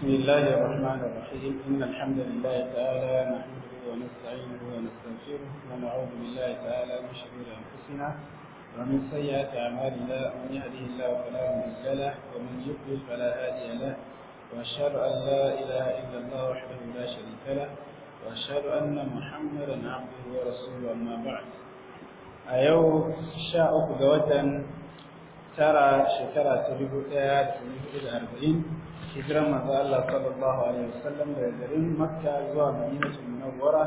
بسم الله الرحمن الرحيم إن الحمد لله تعالى نحمده ونستعينه ونستغفره ونعوذ بالله تعالى من شرور أنفسنا ومن سيئات أعمالنا من يهده الله فلا مضل له ومن يضلل فلا هادي له وأشهد أن لا إله إلا الله وحده لا شريك له وأشهد أن محمدا عبده ورسوله أما بعد أيوه شاء قدوة ترى شكرا تبيه 1440 hijiran maza Allah sallallahu alaihi wasallam daga garin Makka zuwa Madinatul Munawwara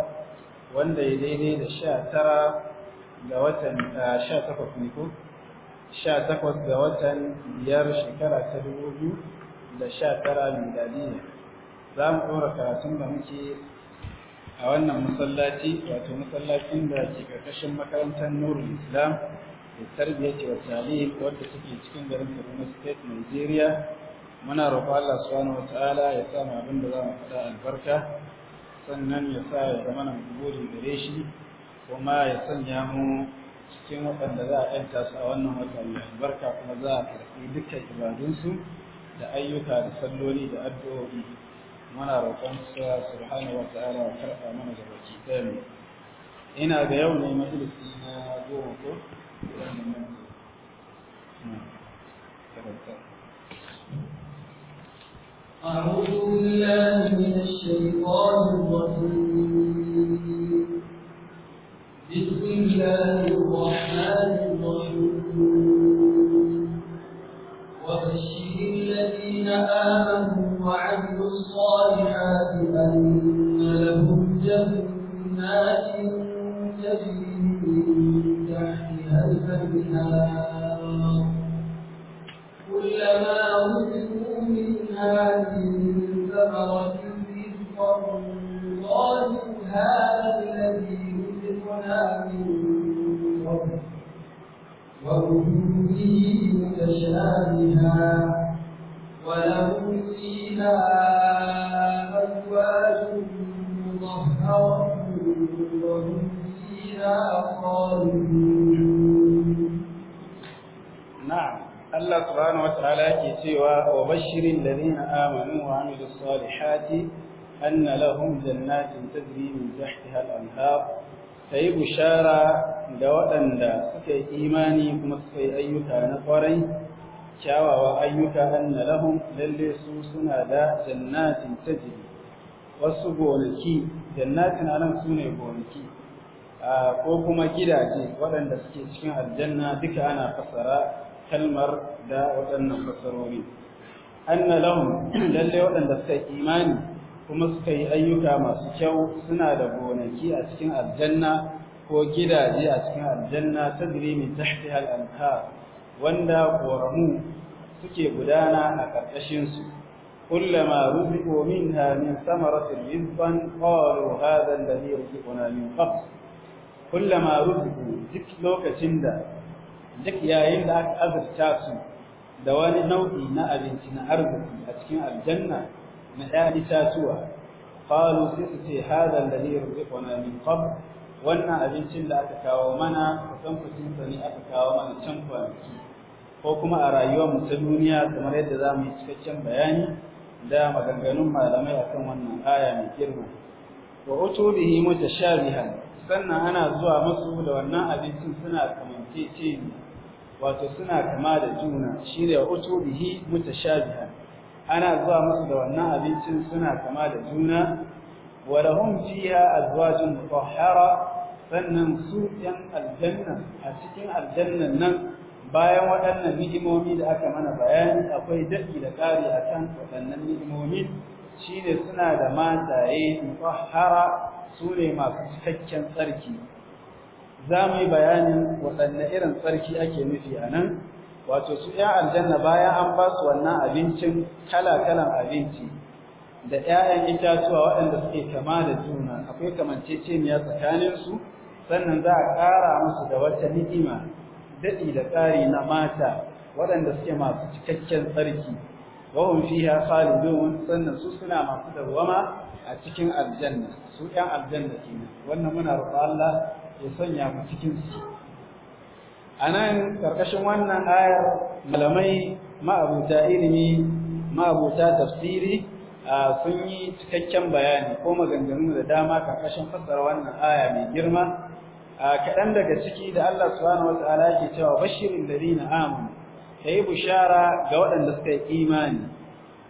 wanda ya daidai da sha tara ga watan takwas ne ko takwas ga watan biyar shekara ta 2019 ne za mu ɗora karatun da muke a wannan masallaci wato masallacin da ke karkashin makarantar nurul islam da tarbiyyar wa talib wadda suke cikin garin kaduna state nigeria muna roƙo Allah subhanahu wataala ya sa mu abin da za mu faɗa albarka sannan ya sa ya zama nan gode gare shi kuma ya sanya mu cikin waɗanda za a yanta su a wannan wata mai albarka kuma za a karɓi dukkan ibadunsu da ayyuka da salloli da addu'o'i muna roƙon sa subhanahu wataala ya karɓa mana da baki ɗaya ina da yau ne majalisi na goma ko Thank hmm. you. أعوذ بالله من الشيطان الرجيم بسم الله الرحمن الرحيم وبشر الذين آمنوا وعملوا الصالحات أن لهم جنات أن لهم جنات تجري من تحتها الأنهار sai bushara da waɗanda suka yi imani kuma suka yi ayyuka na ƙwarai kyawawa ayyuka anna lahum lalle suna da jannatin tajri wasu gonaki jannatin anan su ne gonaki ko kuma gidaje waɗanda suke cikin aljanna duka ana fasara kalmar da waɗannan fasarori anna lalle waɗanda suka yi imani kuma suka yi ayyuka masu kyau suna da gonaki a cikin aljanna ko gidaje a cikin aljanna ta min tahtiha al wanda koramu suke gudana a ƙarƙashin su rufi omin ha min samaratin rizqan qalu hadha alladhi ruziquna min ma kullama ku, duk lokacin da duk yayin da aka azurta su da wani nau'i na abinci na arziki a cikin aljanna na ƴaƴan itatuwa falo sai su ce hadha alladhi yurziquna min qabl wannan abincin da aka kawo mana kusan kucin sa ne aka kawo mana can kwanaki ko kuma a rayuwar mu ta duniya kamar yadda za mu yi cikakken bayani da maganganun malamai akan wannan aya mai girma wa utubihi mutashabihan sannan ana zuwa masu da wannan abincin suna kamanceceniya wato suna kama da juna shine utubihi mutashabihan ana zuwa musu da wannan abincin suna kama da juna walahum fiha azwajun mutahhara sannan su yan aljanna a cikin aljannan nan bayan waɗannan ni'imomi da aka mana bayani akwai daɗi da ƙari kan waɗannan ni'imomi shine suna da mataye mutahhara su ne masu cikakken tsarki za mu yi bayanin waɗanne irin tsarki ake nufi a nan wato su ya aljanna bayan an ba su wannan abincin kala-kalan abinci da ‘ya'yan itatuwa waɗanda suke kama da juna akwai kamanceceniya tsakaninsu sannan za a ƙara musu da wata ni'ima daɗi da tsari na mata waɗanda suke masu cikakken tsarki wahun fiha khalidun sannan su suna masu dawama a cikin aljanna su ‘yan aljanna kenan wannan muna roƙon Allah ya sanya mu cikin su a nan ƙarƙashin wannan ayar malamai ma'abuta ilimi ma'abuta tafsiri sun yi cikakken bayani ko maganganu da dama ƙarƙashin fassara wannan aya mai girma kaɗan daga ciki da Allah subhanahu wata'ala yake cewa bashirin ladina amanu kai bushara ga waɗanda suka yi imani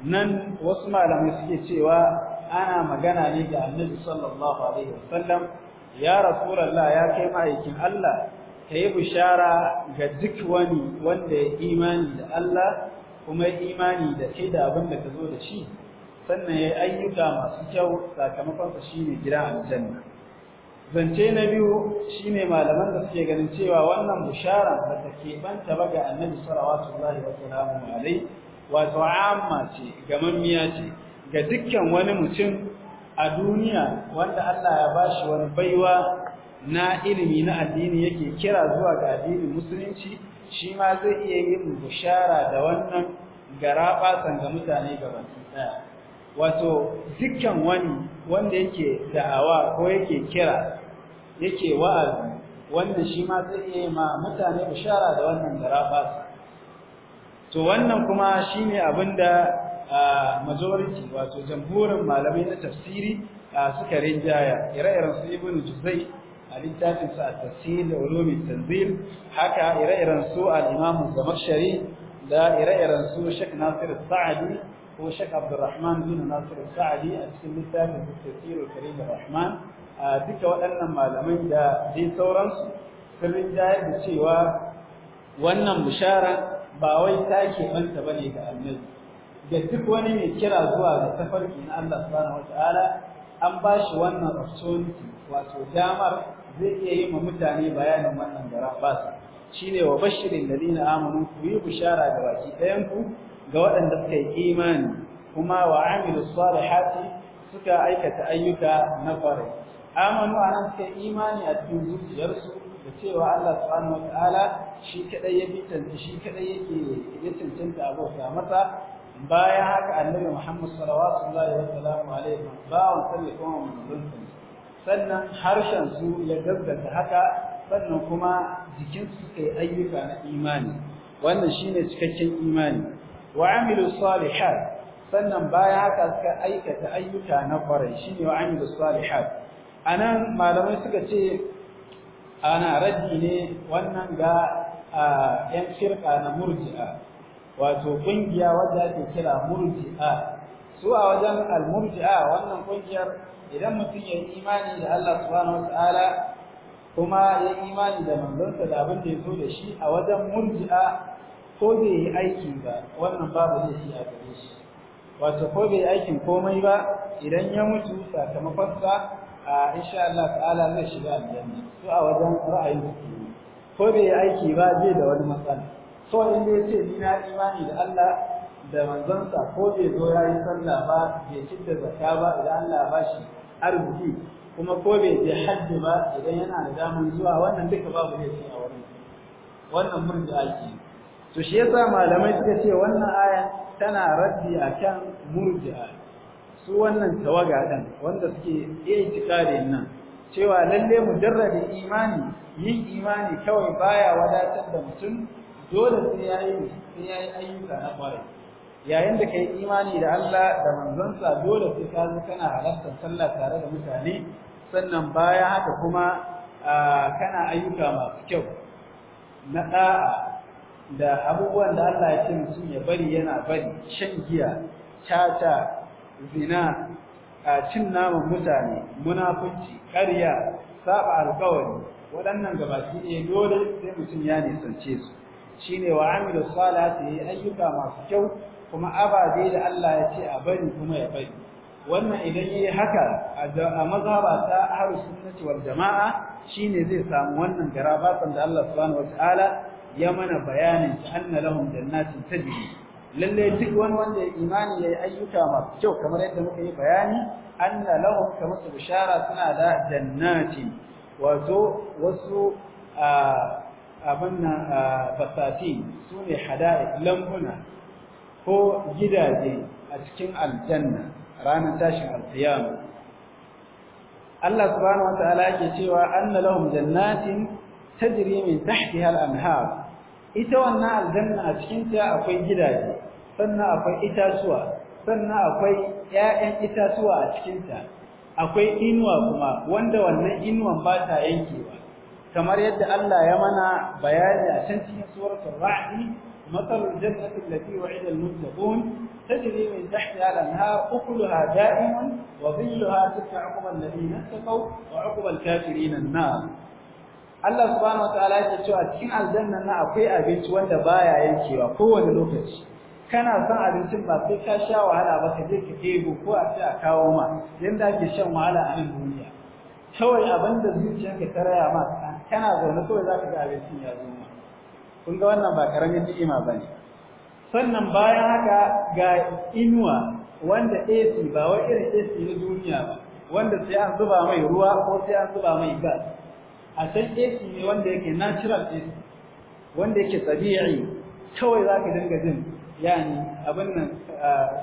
nan wasu malamai suke cewa ana magana ne ga annabi sallallahu alaihi wasallam ya rasulullah ya kai ma'aikin Allah ta yi bishara ga duk wani wanda ya imani da Allah kuma ya imani da kai da abin da ka zo da shi sannan ya yi ayyuka masu kyau sakamakonsa shi ne gida aljanna zance na biyu shi ne malaman da suke ganin cewa wannan bishara ba ta keɓanta ba ga annabi salawatullahi wa salamu alai wato amma ce gamammiya ce ga dukkan wani mutum a duniya wanda Allah ya bashi wani baiwa na ilimi na addini yake kira zuwa ga addinin musulunci shi ma zai iya yin bushara da wannan garabatsan ga mutane gabaki daya wato dukkan wani wanda yake da'awa ko yake kira yake wa'azi wannan shi ma zai iya ma mutane bushara da wannan garaba to wannan kuma shine abinda majority wato jamhurin malamai na tafsiri suka rinjaya ire-iren su ibnu juzai a littafin a tafsir da ulumi tanzil haka ire-iren su al-imam zamakshari da ire-iren su shek nasir sa'adi ko shek abdurrahman bin nasir sa'adi a cikin littafin tafsir karim rahman duka waɗannan malamai da dai sauransu sun da cewa wannan bishara ba wai ta banta ba ne ga annabi ga duk wani mai kira zuwa ga tafarki na Allah subhanahu wataala an ba shi wannan opportunity wato damar zai iya yi ma mutane bayanin wannan garan shine wa bashirin ladina amanu ku yi bishara ga baki ɗayanku ku ga waɗanda suka yi imani kuma wa amilu salihati suka aikata ayyuka na kwarai amanu anan suka yi imani a cikin zuciyarsu da cewa Allah subhanahu wataala shi kadai ya bitanta shi kadai yake ya cancanta abota masa bayan haka annabi Muhammad sallallahu alaihi wasallam bawan sallallahu alaihi wasallam sannan harshen su ya gaggata haka sannan kuma jikin su kai ayyuka na imani wannan shine cikakken imani wa amilu salihat sannan baya haka suka aikata ayyuka na kwarai shine wa amilu salihat anan malamai suka ce ana raddi ne wannan ga yan shirka na murji'a wato kungiya wadda ake kira murji'a su a wajen al-murji'a wannan kungiyar idan mutum ya yi imani da Allah subhanahu wataala kuma ya yi imani da manzonsa da abin da ya zo da shi a wajen murji'a ko bai yi aiki ba wannan babu zai fi a gare shi wato ko bai aikin komai ba idan ya mutu sakamakonsa a insha Allah ta'ala zai shiga aljanna su a wajen ra'ayin su ko bai aiki ba zai da wani matsala so in dai ce ni na imani da Allah da manzansa ko bai zo yi sallah ba bai ci da zakka ba idan Allah ba shi arziki kuma ko bai je hajji ba idan yana da damar zuwa wannan duka babu laifi a wurin wannan murji ake to shi yasa malamai suka ce wannan aya tana raddi akan murji su wannan tawaga din wanda suke iya tikare nan cewa lalle mujarrad imani yin imani kawai baya wadatar da mutum dole sai yayi sai yayi ayyuka na kwarai yayin da ka yi imani da Allah da manzonsa dole sai ka zo kana halartar sallah tare da mutane sannan baya haka kuma kana ayyuka masu kyau na da'a da abubuwan da Allah ya ce mutum ya bari yana bari shan giya tata zina a cin naman mutane munafunci ƙarya saba alƙawari waɗannan gabaki ne dole sai mutum ya nisance su shine wa amilu salati ayyuka masu kyau kuma ababe da Allah ya ce a bari kuma ya bari wannan idan yayi haka a mazhaba ta ahlus sunnati wal jamaa shine zai samu wannan garabatan da Allah subhanahu wataala ya mana bayanin ta anna lahum jannatin tajri lalle duk wani wanda ya imani yayi ayyuka masu kyau kamar yadda muka yi bayani anna lahum kamar su bishara suna da jannati wato wasu abin nan basati sune hada'i lambuna ko gidaje a cikin aljanna ranar tashin alfiyamu. Allah subhanahu wataala yake cewa anna lahum jannatin tajri min tahtiha al-anhar ita wannan aljanna a cikin ta akwai gidaje sannan akwai itatuwa sannan akwai ƴaƴan itatuwa a cikin ta akwai inuwa kuma wanda wannan inuwan ba ta yankewa kamar yadda Allah ya mana bayani a cikin suratul ra'd مثل الجنة التي وعد المتقون تجري من تحتها الأنهار أكلها دائم وظلها تلك عقب الذين اتقوا وعقب الكافرين النار Allah subhanahu wataala yake cewa cikin aljanna na akwai abinci wanda baya yankewa kowane lokaci kana son abincin ba sai ka sha wahala ba ka je ka ɗebo ko a ce a kawo ma yanda ake shan wahala a nan duniya kawai abin da zuciyarka ta raya ma kana zaune kawai za ka ga abincin ya zo kun ga wannan ba karamin ni'ima ne. sannan bayan haka ga inuwa wanda AC ba wai irin AC na duniya ba wanda sai an zuba mai ruwa ko sai an zuba mai gas a san AC ne wanda yake natural AC wanda yake tabi'i kawai zaka dinga jin yani abin nan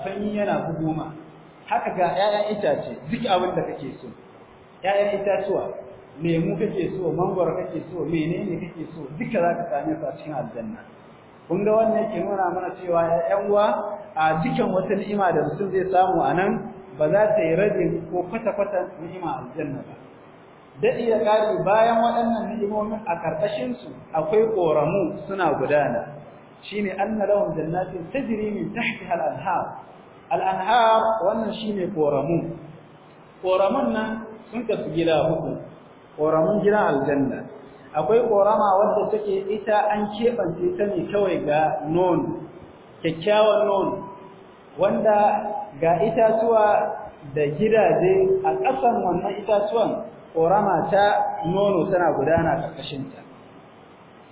sanyi yana bugu ma haka ga 'ya'yan itace duk abin da kake so 'ya'yan itatuwa lemu kake so mangwaro kake so menene kake so duka za ka same su a cikin aljanna kun ga wannan yake nuna mana cewa 'ya'yan uwa a cikin wata ni'ima da mutum zai samu a nan ba za ta yi rabin ko kwata-kwata ni'ima aljanna ba daɗi da ƙari bayan waɗannan ni'imomin a ƙarƙashinsu akwai ƙoramu suna gudana shine anna lahum jannatin tajri min tahtiha al-anhar al-anhar wannan shine ƙoramu ƙoramun nan sun kasu gida hukunci ƙoramin gidan aljanna akwai ƙorama wadda take ita an keɓance ta ne kawai ga non, kyakkyawan non, wanda ga itatuwa da gidaje a ƙasan wannan itatuwan ƙorama ta nono tana gudana ƙarƙashinta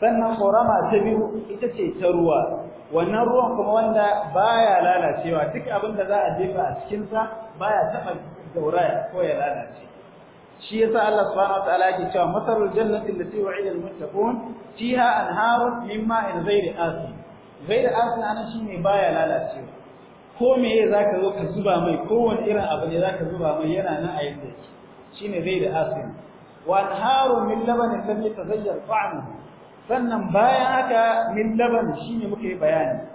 sannan ƙorama ta biyu ita ce ta ruwa wannan ruwan kuma wanda baya lalacewa duk abin da za a jefa a cikinsa baya taɓa gauraya ko ya lalace shi yasa Allah subhanahu wataala yake cewa masarul jannati allati wa'ida almuttaqun fiha anharun min ma'in ghairi asin ghairi asin anan shine baya lalacewa ko me meye zaka zo ka zuba mai kowane irin abu ne zaka zuba mai yana nan a yadda yake shine ghairi asin wa anharun min labanin lam yataghayyar ta'muhu sannan bayan haka min laban shine muke bayani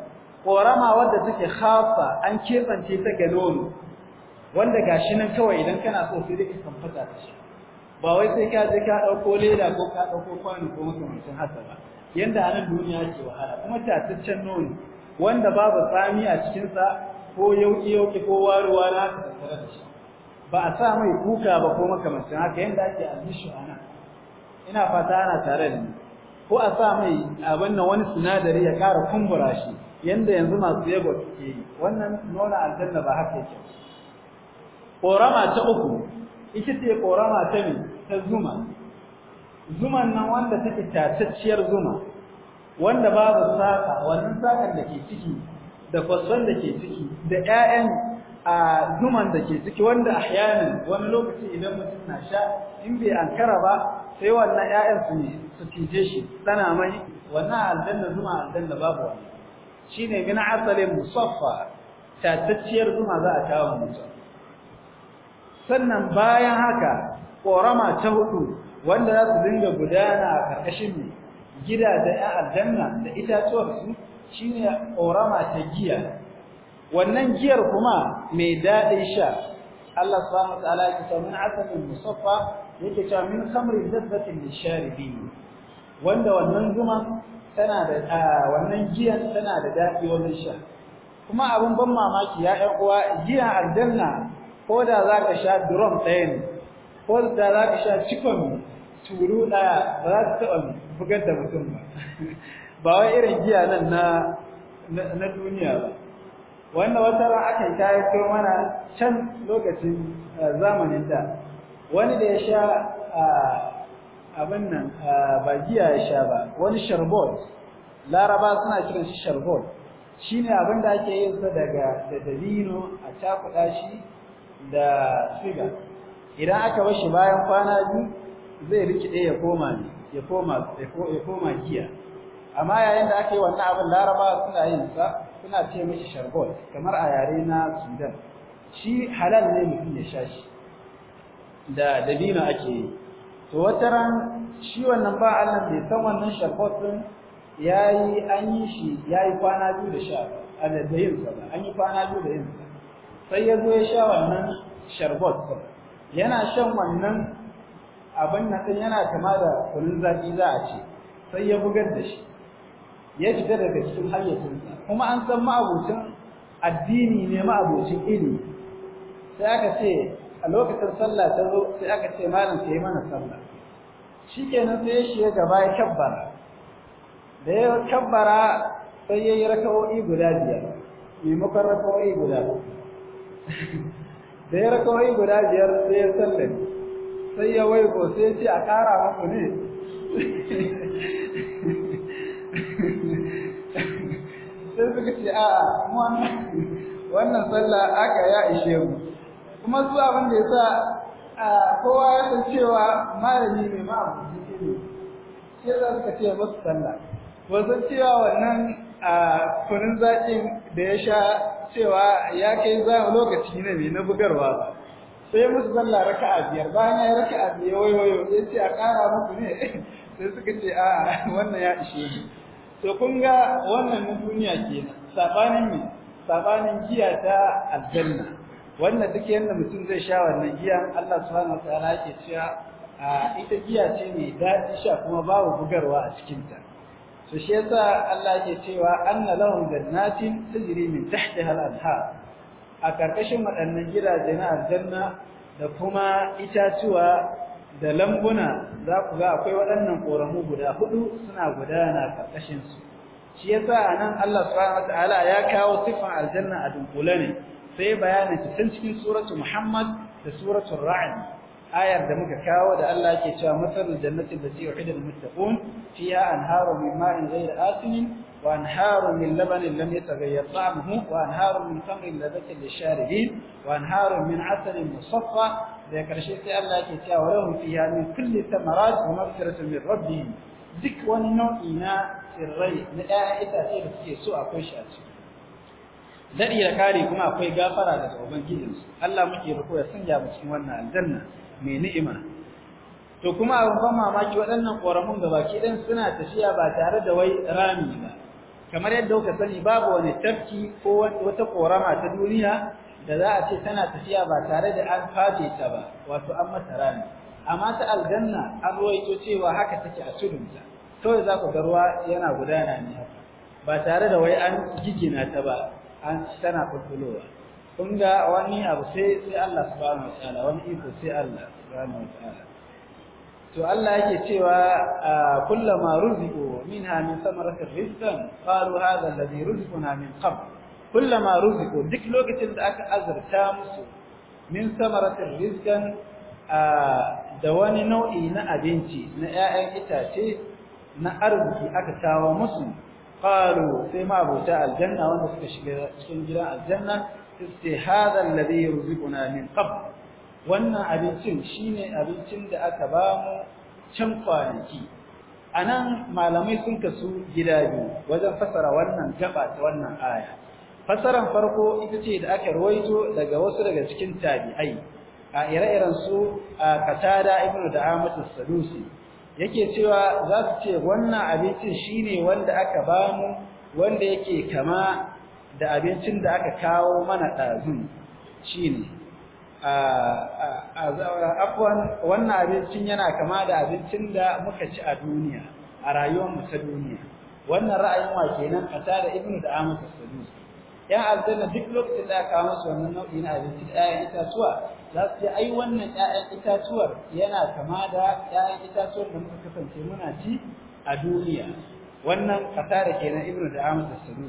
korama wadda take khassa an kebance ta ga nono wanda gashi nan kawai idan kana so sai dai ka kamfata da shi ba wai sai ka je ka dauko leda ko ka dauko kwano ko makamancin haka ba yanda a nan duniya ke wahala kuma tataccen nono wanda babu tsami a cikin sa ko yauki yauki ko waruwa na tare da shi ba a sa mai kuka ba ko makamancin haka yanda ake albishu ana ina fata ana tare da ni ko a sa mai abin nan wani sinadari ya ƙara kumbura shi yanda yanzu masu yagwa suke yi wannan nuna aljanna ba haka yake korama ta uku ita ce korama ta ne ta zuma zuman nan wanda take tatacciyar zuma wanda babu saka wannan sakan da ke ciki da fasfan da ke ciki da 'ya'yan a zuman da ke ciki wanda ahyanan wani lokaci idan mutum na sha in bai ankara ba sai wannan ƴaƴan su ne su tije shi tana mai wannan aljanna zuma aljanna babu wani shine min asalin musaffa tatacciyar zuma za a kawo mutum sannan bayan haka korama ta hudu wanda za su dinga gudana a karkashin da 'yan aljanna da itatuwarsu shine korama ta giya wannan giyar kuma mai daɗin sha Allah subhanahu wataala ya ce min asalin musaffa yake cewa min khamrin lazzatin lisharibin wanda wannan zuma tana da wannan giyar tana da daɗi wajen sha kuma abin ban mamaki ya ɗan uwa giyan aljanna ko da za ka sha drum ɗaya ne ko da za ka sha cikon turu ɗaya ba za ta taɓa bugar da mutum ba ba wai irin giya nan na duniya ba wannan wata ran akan kayato mana can lokacin eh, zamanin da wani da ya sha ah, abin nan ah, ba giya ya sha ba wani sharbot laraba suna kiran shi sharbot shine abin da ake yin sa daga da dabino a cakuɗa shi da siga idan aka bar shi bayan kwana biyu zai rikide ya koma ne ya koma ya koma giya amma yayin da aka yi wannan abin laraba suna yin sa suna ce mishi sharbot kamar a yare na Sudan shi halal ne mutum ya sha shi da dabino ake yi to wata ran shi wannan ba Allah bai san wannan sharbot din yayi an yi shi yayi kwana biyu da sha da yin sa an yi kwana biyu da yin sa sai ya zo ya sha wannan sharbot yana shan wannan abin na ɗin yana kama da kunun zafi za a ce sai ya bugar da shi ya fita daga cikin hayyacinsa kuma an san ma'abocin addini ne ma'abocin ilimi sai aka ce a lokacin sallah ta zo sai aka ce malam ta yi mana sallah shikenan sai ya shiga gaba ya kabbara da ya kabbara sai ya yi raka'o'i guda biyar maimakon raka'o'i guda da ya rakawai guda biyar sai ya sallar sai ya ko sai ya ce a kara maku ne sai suka ce a'a wannan sallah aka ya ishe mu kuma su abin da ya sa kowa ya san cewa malami mai ma'abuci ne sai za suka ce masu tsalla ba san cewa wannan a kunin zaƙin da ya sha cewa ya kai za lokaci na mai na bugarwa sai musu zalla raka a biyar bayan ya raka a biyar waiwayo ya ce a ƙara muku ne sai suka ce a wannan ya ishe ni to kun ga wannan na duniya kenan sabanin ne sabanin giya ta aljanna wannan duk yadda mutum zai sha wannan giya Allah subhanahu wataala yake cewa ita giya ce mai daɗi sha kuma babu bugarwa a cikinta to shi yasa Allah ke cewa anna lahum jannatin tajri min tahtiha al-anhar a karkashin waɗannan gidaje na aljanna da kuma itatuwa da lambuna za ku ga akwai waɗannan ƙoramu guda hudu suna gudana karkashin su shi yasa anan Allah subhanahu wataala ya kawo sifan aljanna a dunkule ne sai bayanin ta cikin suratu Muhammad da suratu Ra'd ayar da muka kawo da Allah yake cewa masalul jannati allati u'idal muttaqun fiha anharu min ma'in ghayri asin wa anharu min labanin lam yataghayyar ta'muhu wa anharu min khamrin ladatin lisharibin wa anharu min 'asalin musaffa da karshe sai Allah yake cewa lahum fiha min kulli thamarat wa maghfiratun min rabbihim duk wani nau'i na tsirrai na ɗaya itace da suke so akwai shi a ciki daɗi da kare kuma akwai gafara daga ubangijinsu Allah muke rako ya sanya mu cikin wannan aljanna mai ni'ima to kuma abin ban mamaki waɗannan ƙoramun baki ɗin suna tafiya ba tare da wai rami ba kamar yadda kuka sani babu wani tafki ko wata ƙorama ta duniya da za a ce tana tafiya ba tare da an fafe ta ba wato an mata rami amma ta aljanna an ruwaito cewa haka take a tudunta kawai za ku ga ruwa yana gudana ne ba tare da wai an gigina ta ba an tana fulfulowa kun ga wani abu sai sai Allah subhanahu wataala wani iko sai Allah subhanahu wataala to Allah yake cewa kullama ruziqu minha min samaratir rizqan qalu hadha alladhi ruziquna min qabl kullama ruziqu duk lokacin da aka azurta musu min samaratir rizqan da wani nau'i na abinci na ƴaƴan itace na arziki aka kawo musu qalu sai ma abota aljanna wanda suka shiga cikin gidan aljanna sai hada alladhi yurzuquna min qabl wannan abincin shine abincin da aka ba mu can kwanaki anan malamai sun kasu gida biyu wajen fasara wannan gaba ta wannan aya fasaran farko ita ce da aka ruwaito daga wasu daga cikin tabi'ai a ire-iren su a katada ibnu da as-sadusi yake cewa za su ce wannan abincin shine wanda aka ba mu wanda yake kama da abincin da aka kawo mana ɗazun shi ne wannan abincin yana kama da abincin da muka ci a duniya a rayuwarmu ta duniya wannan ra'ayin wa kenan a tare ibnu da amsa sadu ya aljanna duk lokacin da aka musu wannan nau'i na abinci da ƴaƴan itatuwa za su ce ai wannan ƴaƴan itatuwar yana kama da ƴaƴan itatuwar da muka kasance muna ci a duniya wannan ke kenan ibnu da amsa sadu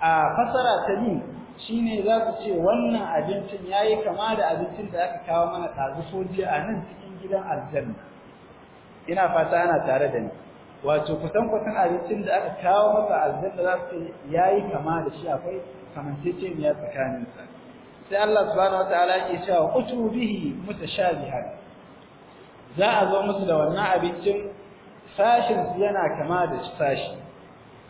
a fasara ta shi shine za ku ce wannan abincin yayi kama da abincin da aka kawo mana ɗazu soji a nan cikin gidan aljanna ina fata ana tare da ni wato kusan kusan abincin da aka kawo maka aljanna za su ce yayi kama da shi akwai kamanceceniya tsakanin sa sai Allah subhanahu wataala yake cewa utu bihi mutashabihan za a zo musu da wannan abincin sashin yana kama da sashi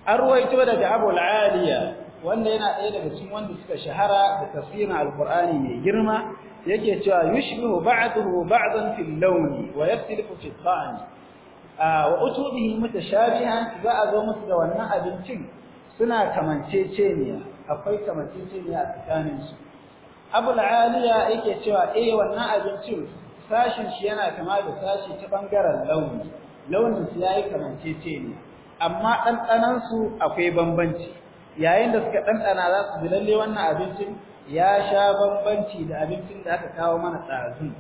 arwaito daga Abu al-Aliya wanda yana ɗaya daga cikin wanda suka shahara da tafsirin alqur'ani mai girma yake cewa yushbihu ba'dahu ba'dan fil lawn wa yaftilifu fi ta'am wa utubihi mutashabihan za a zo musu da wannan abincin suna kamanceceniya akwai kamanceceniya a tsakanin su Abu al-Aliya yake cewa eh wannan abincin sashin shi yana kama da sashi ta bangaren launi launin su yayi kamanceceniya amma ɗanɗanansu akwai bambanci yayin da suka ɗanɗana za su ji wannan abincin ya sha bambanci da abincin da aka kawo mana ɗazu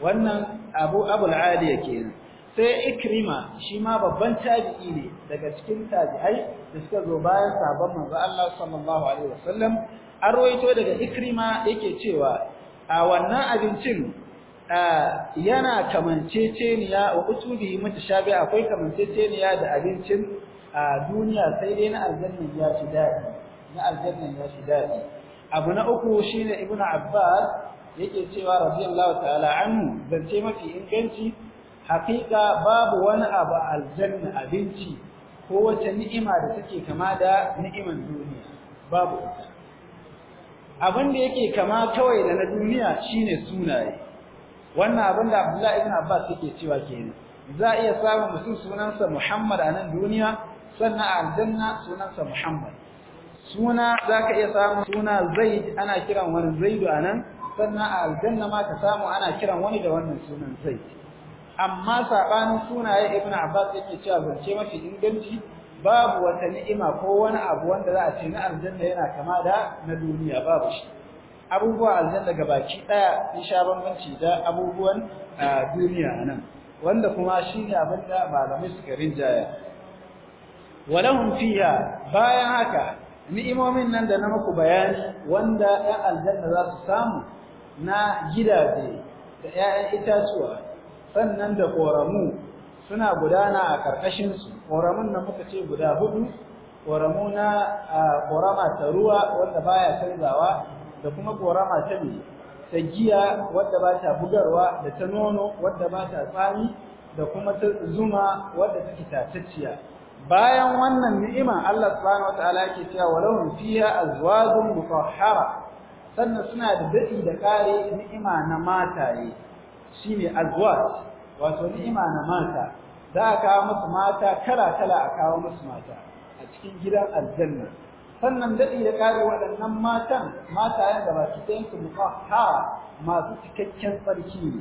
wannan abu abul ya kenan sai Ikirima shi ma babban tabi'i ne daga cikin tabi'ai da suka zo bayan sabon manzo Allah sallallahu alaihi wasallam an rawaito daga ikrima yake cewa a wannan abincin yana kamanceceniya wa usulihi mutashabi akwai kamanceceniya da abincin a duniya sai dai na aljanna ya shi dadi na aljannan ya shi dadi abu na uku shine ibnu abbas yake cewa radiyallahu ta'ala anhu zance mafi inganci Hakika babu wani abu aljanna abinci ko wata ni'ima da take kama da ni'iman duniya babu abin da yake kama kawai da na duniya shine sunaye wannan abin da Abdullahi ibn Abbas yake cewa kenan za a iya samun mutum sunansa Muhammad a nan duniya sannan a aljanna sunansa Muhammad suna za ka iya samun suna Zaid ana kiran wani Zaidu a nan sannan a aljanna ma ka samu ana kiran wani da wannan sunan Zaid amma sabanin sunaye Ibn Abbas yake cewa zance mafi inganci babu wata ni'ima ko wani abu wanda za a ce na aljanna yana kama da na duniya babu shi abubuwa aljanna baki daya sun sha bambanci da abubuwan duniya nan wanda kuma shine abin da malamai suka rinjaya walahum fiha bayan haka ni'imomin nan da na muku bayani wanda ɗan aljanna za su samu na gidaje da ƴaƴan itatuwa sannan da ƙoramu suna gudana a ƙarƙashinsu, su ƙoramun nan muka ce guda hudu ƙoramu na korama ta ruwa wanda baya canzawa da kuma ƙorama ta ne ta giya wadda ba ta bugarwa da ta nono wadda ba ta tsami da kuma ta zuma wadda take tatacciya bayan wannan ni'ima Allah subhanahu wataala yake cewa walahum fiha azwajun mutahhara sannan suna da dadi da kare ni'ima na mataye shine azwaj wato ni'ima na mata za a kawo musu mata kala kala a kawo musu mata a cikin gidan aljanna sannan daɗi da ƙari waɗannan matan matayen da ba su ɗayansu masu cikakken tsarki ne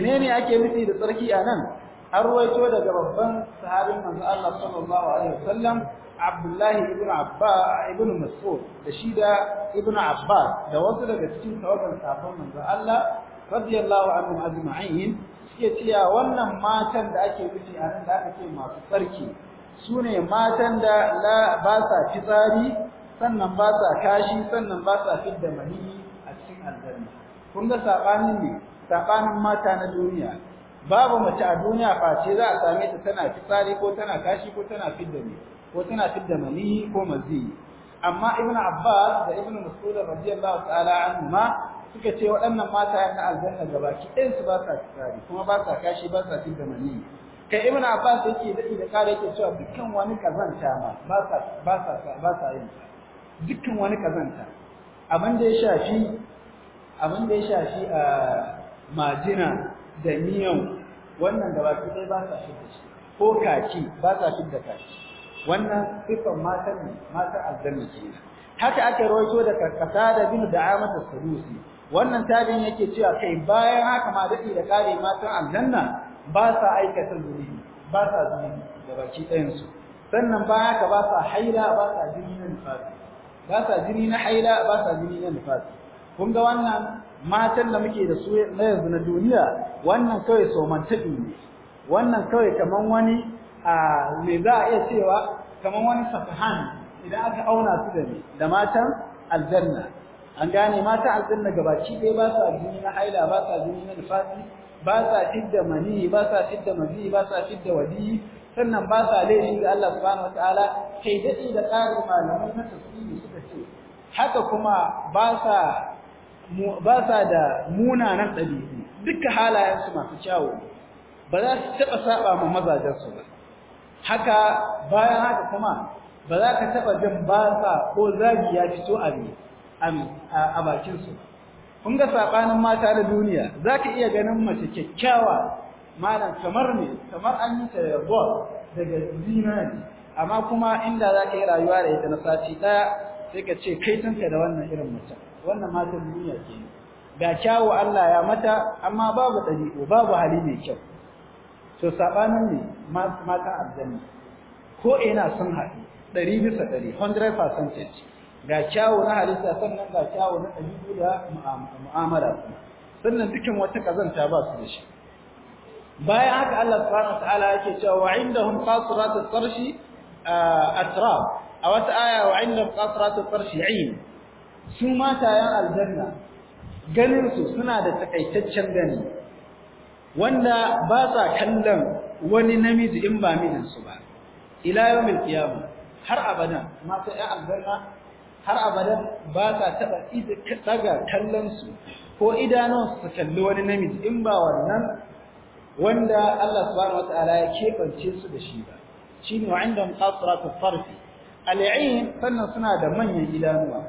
menene ake nufi da tsarki a nan an ruwaito daga babban sahabin manzo Allah sallallahu alaihi wasallam Abdullah ibn Abbas ibn Mas'ud da shi da ibn Abbas da wasu daga cikin tawagan sahabban manzo Allah radiyallahu anhum ajma'in suke cewa wannan matan da ake nufi a nan da aka ce masu tsarki su ne matan da ba sa fitsari sannan ba sa kashi sannan ba sa fidda maniyi a cikin aljanna kun ga sabanin ne sabanin mata na duniya babu mace a duniya face za a same ta tana fitsari ko tana kashi ko tana fidda ne ko tana fidda maniyi ko maziyi amma ibn abbas da ibn mas'ud radiyallahu ta'ala anhuma suka ce waɗannan mata na aljanna gabaki ɗayan su ba sa fitsari kuma ba sa kashi ba sa fidda maniyi kai ibn abbas yake dadi da kare yake cewa dukkan wani kazanta ma ba sa ba sa ba sa yin dukkan wani kazanta abin da ya shafi abin da ya shafi a majina da miyan wannan da baki dai ba sa shi da shi ko kaki ba sa shi da kaki wannan sifan matan ne matan aljanna kenan haka ake rawaito da karkasa da bin da'amat as-sadusi wannan tabin yake cewa kai bayan haka ma dadi da kare matan aljanna ba sa aikata zunubi ba sa zunubi da baki ɗayan su sannan ba haka ba sa haila ba sa jini na nifasi ba sa jini na haila ba sa jini na nifasi kun ga wannan matan da muke da su na yanzu na duniya wannan kawai somantabi ne wannan kawai kaman wani a me za a iya cewa kaman wani safahan idan aka auna su da ni da matan aljanna an gane matan aljanna gabaki ɗaya ba sa jini na haila ba sa jini na nifasi ba sa fidda mani ba sa fidda mazi ba sa fidda wadi sannan ba sa laifi ga Allah subhanahu wataala kai dadi da tsarin malamai na tafsiri suka ce haka kuma ba sa ba sa da munanan dabi'u duka halayen su masu kyawu ba za su taba saba ma mazajensu ba haka bayan haka kuma ba za ka taba jin ba sa ko zagi ya fito a bakinsu ba kun ga sabanin mata da duniya zaka iya ganin mace kyakkyawa malam kamar ne kamar an yi ta yabo daga zinari amma kuma inda zaka yi rayuwa da ita na sati daya sai ka ce kai tanka da wannan irin mace wannan matan duniya ce ga kyawu Allah ya mata amma babu dabi'u babu hali mai kyau to sabanin ne mata aljanna ko ina sun haɗu 100 bisa 100 100 percentage ga kyawu na halitta sannan ga kyawu na da mu'amala sannan dukkan wata kazanta ba su da shi bayan haka Allah subhanahu wataala yake cewa wa indahum qasiratut tarshi atrab a wata aya wa indahum qasiratut tarshi ayn su matayen aljanna ganin su suna da takaitaccen gani wanda ba sa kallon wani namiji in ba minansu ba ila yawmil qiyamah har abada mata ya aljanna har abadan ba sa taɓa kallon su ko idanunsu su kalli wani namiji in ba wannan wanda Allah subhanahu wata'ala ya keɓance su da shi ba shi ne wa'inda mutasiratu farfi al'ayin sannan suna da manyan idanuwa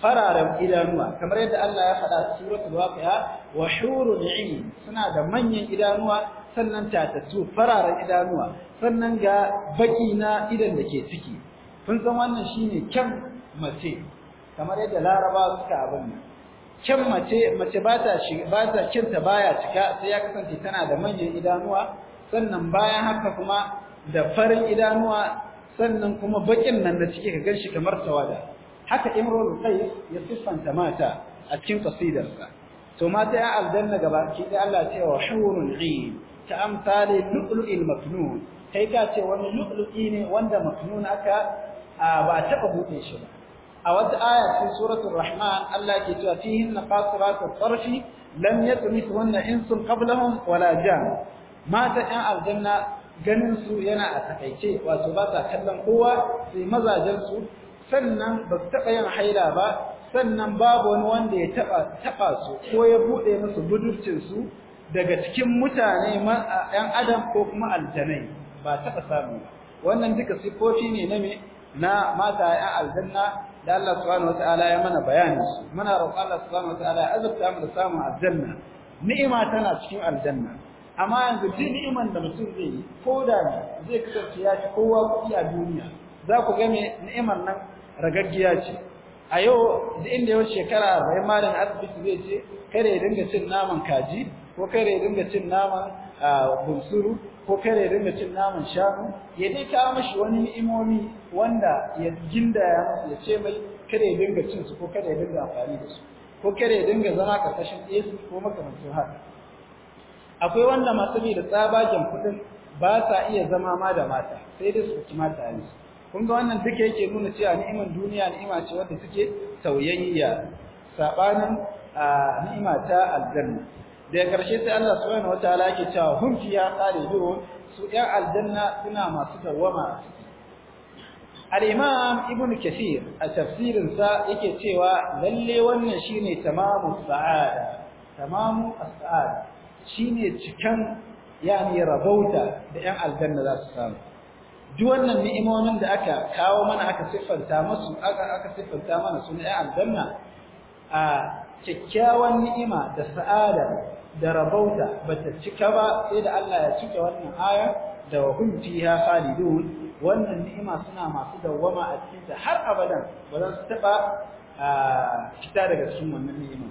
fararen idanuwa kamar yadda Allah ya faɗa suratul waqi'a wa hurul 'ain suna da manyan idanuwa sannan ta su fararen idanuwa sannan ga baki na idan da ke ciki kun san wannan shine kyan mace kamar yadda laraba suka abin nan kyan mace mace ba ta ba ta kinta baya cika sai ya kasance tana da manyan idanuwa sannan bayan haka kuma da farin idanuwa sannan kuma bakin nan da cike ka ganshi kamar tawada haka imrul qais ya siffanta mata a cikin qasidarsa to mata ya aljanna gaba ki Allah ce wa hurun ain ta amsali lu'lu'il maknun kai ka ce wani lu'lu'i ne wanda maknun aka ba taba buɗe shi ba a wata aya cikin suratul rahman Allah ke cewa fihin naqasiratut tarfi lam wannan insun qablahum wala jan mata ɗan aljanna ganin su yana a takaice wato ba sa kallon kowa sai mazajen su sannan ba su taɓa yin haila ba sannan babu wani wanda ya taɓa taɓa su ko ya buɗe musu budurcin su daga cikin mutane ‘yan adam ko kuma aljanai ba taɓa samu wannan duka siffofi ne na me na mata ‘yan aljanna da Allah subhanahu wataala ya mana bayanin su muna roƙon Allah subhanahu wataala ya azurta mu da samun aljanna ni'ima tana cikin aljanna amma yanzu duk ni'iman da mutum zai yi ko da zai kasance ya ci kowa kuɗi a duniya za ku ga ni'imar nan ragaggiya ce a yau duk inda yau shekara arba'in malin arziki zai ce kada ya dinga cin naman kaji ko kada ya dinga cin naman bunsuru ko kare ya dinga cin naman shanu ya dai kawo mashi wani ni'imomi wanda ya gindaya masa ya ce mai kare ya dinga cin su ko kare ya dinga amfani da su ko kare ya dinga zama karkashin AC ko makamancin haka akwai wanda masu bi da tsabagen kuɗin ba sa iya zama ma da mata sai dai su ci mata ne kun ga wannan duka yake nuna cewa ni'imar duniya ni'ima ce wadda suke sauyayya saɓanin ni'ima ta aljanna daga karshe sai Allah subhanahu wataala yake cewa hum fiha khalidun su ɗan aljanna suna masu dawwama al-imam ibn kathir a tafsirin sa yake cewa lalle wannan shine tamamu sa'ada tamamu as shine cikan yani rabauta da ɗan aljanna za su samu duk wannan ni'imomin da aka kawo mana aka siffanta musu aka aka siffanta mana su na ɗan aljanna a kyakkyawan ni'ima da sa'ada da rabauta bata cika ba sai da Allah ya cike wannan aya da wa hum fiha khalidun wannan ni'ima suna masu dawwama a cikin ta har abadan ba za su taba fita daga cikin wannan ni'ima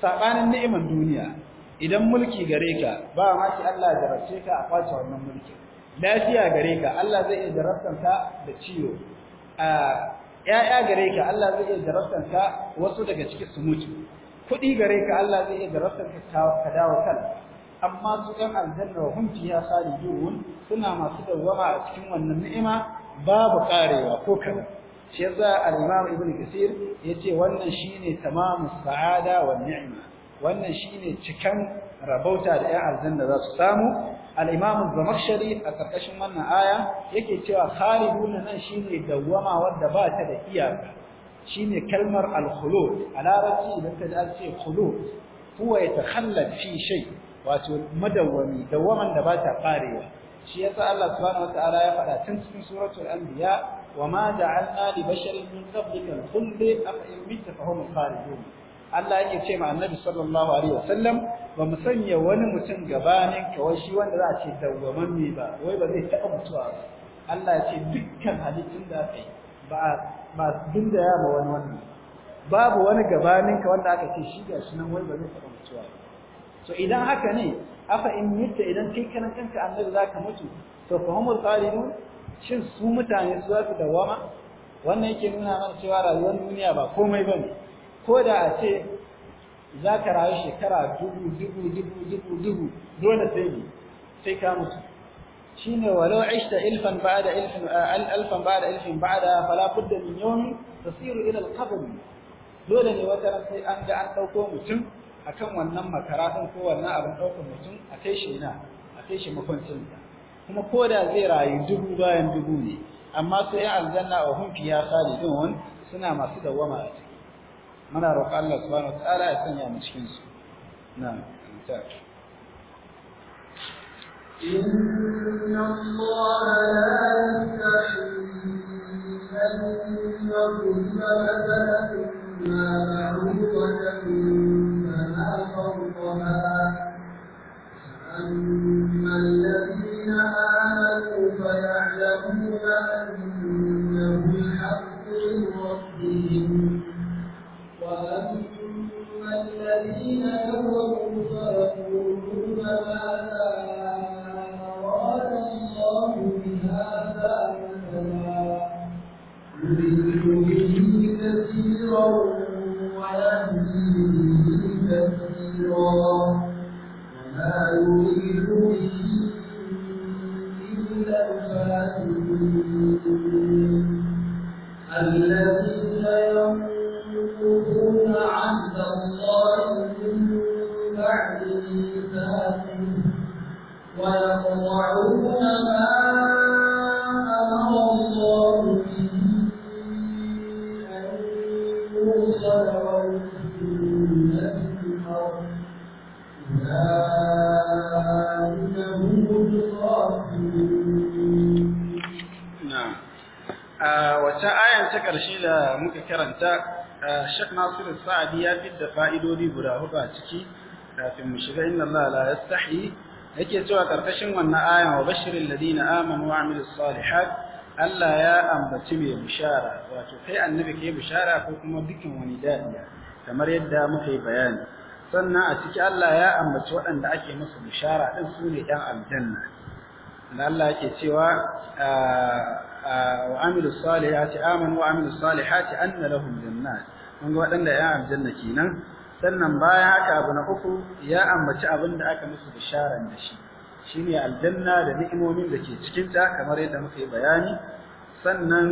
sabanin ni'iman duniya idan mulki gare ka ba ma shi Allah ya jarabce ka a kwace wannan mulki lafiya gare ka Allah zai iya jarabtanka da ciwo a ƴaƴa gare ka Allah zai iya jarabtanka wasu daga cikin su mutu kuɗi gare ka Allah zai iya jarabtar ka dawo kan amma su ɗan aljanna wa hum fiha khalidun suna masu dawwama a cikin wannan ni'ima babu karewa ko kaza shi yasa al-Imam Ibn Kathir yace wannan shine tamamu sa'ada wa ni'ima wannan shine cikan rabauta da 'yan aljanna za su samu al-Imam a karkashin wannan aya yake cewa na nan shine dawwama wadda ba ta da iyaka shine kalmar al-khulud a larabci idan ka ji ce khulud huwa yatakhallad fi shay wato madawwami dawaman da ba ta karewa shi yasa Allah subhanahu wataala ya faɗa tun cikin suratul anbiya وما جعلنا لبشر من قبلك الخلد أفإن مت فهم الخالدون Allah yake ce ma Annabi sallallahu alaihi wasallam ba mu sanya wani mutum gabanin ka wai shi wanda za a ce dawwaman ne ba wai ba zai taɓa mutuwa ba Allah ya ce dukkan halittun da aka ba masu dinda ya ma wani wannan babu wani gabaninka wanda aka ce shi ga shi nan wai zai taɓa mutuwa so idan haka ne afa in mutta idan kai kanan kanka annabi zaka mutu to mu tsari qalidun shin su mutane su za su dawama wannan yake nuna mana cewa rayuwar duniya ba komai bane ko da a ce za ka rayu shekara dubu dubu dubu dubu dubu dole sai ne sai ka mutu shine walau ishta ilfan ba'da ilfin eh, alfan ba'da ilfin ba'da fala budda min yawmin tasiru ila al-qabr dole ne wata ran sai an ga an dauko mutum akan wannan makara din ko wannan abin daukar mutum a kai shi ina a kai shi makwancin sa kuma da zai rayu dubu bayan dubu ne amma sai ya aljanna wa hum fiya khalidun suna masu dawama a ciki muna roƙon Allah subhanahu wa ta'ala ya sanya mu cikin su na'am إن Allah la yastahi yake cewa karkashin wannan ayan wa bashiril ladina amanu wa amilus salihat Allah ya ambaci mai bishara wato kai annabi kai bishara ko kuma dukkan wani dadiya kamar yadda muka yi bayani sannan a ciki Allah ya ambaci waɗanda ake musu bishara din sune ne ɗan aljanna dan Allah yake cewa wa amilus salihati amanu wa amilus salihati anna lahum jannat kun ga waɗanda ya aljanna kenan sannan bayan haka abu na uku ya ambaci abin da aka musu bisharar da shi shine aljanna da ni'imomin da ke cikin ta kamar yadda muka yi bayani sannan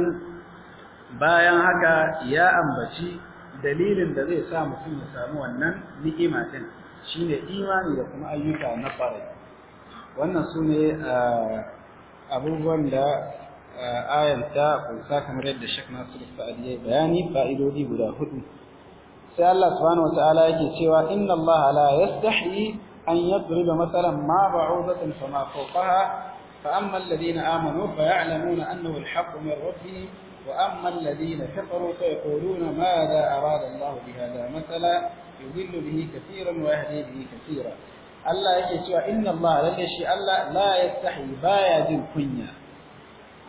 bayan haka ya ambaci dalilin da zai sa mutum ya samu wannan ni'ima din shine imani da kuma ayyuka na fara. wannan sune abubuwan da ayanta ta sa kamar yadda Sheikh masu Sa'di bayani fa'idodi guda hudu sai Allah subhanahu wata'ala yake cewa inna Allah la yastahi an yadriba masalan ma ba'udatin fama fawqaha fa amma alladhina amanu fa ya'lamuna annahu al-haqq min rabbihim wa amma alladhina kafaru fa yaquluna ma da arada Allah bi hadha masala yudillu bihi katiran wa yahdi bihi katiran Allah yake cewa inna Allah lalle shi ala la yastahi ba ya jin kunya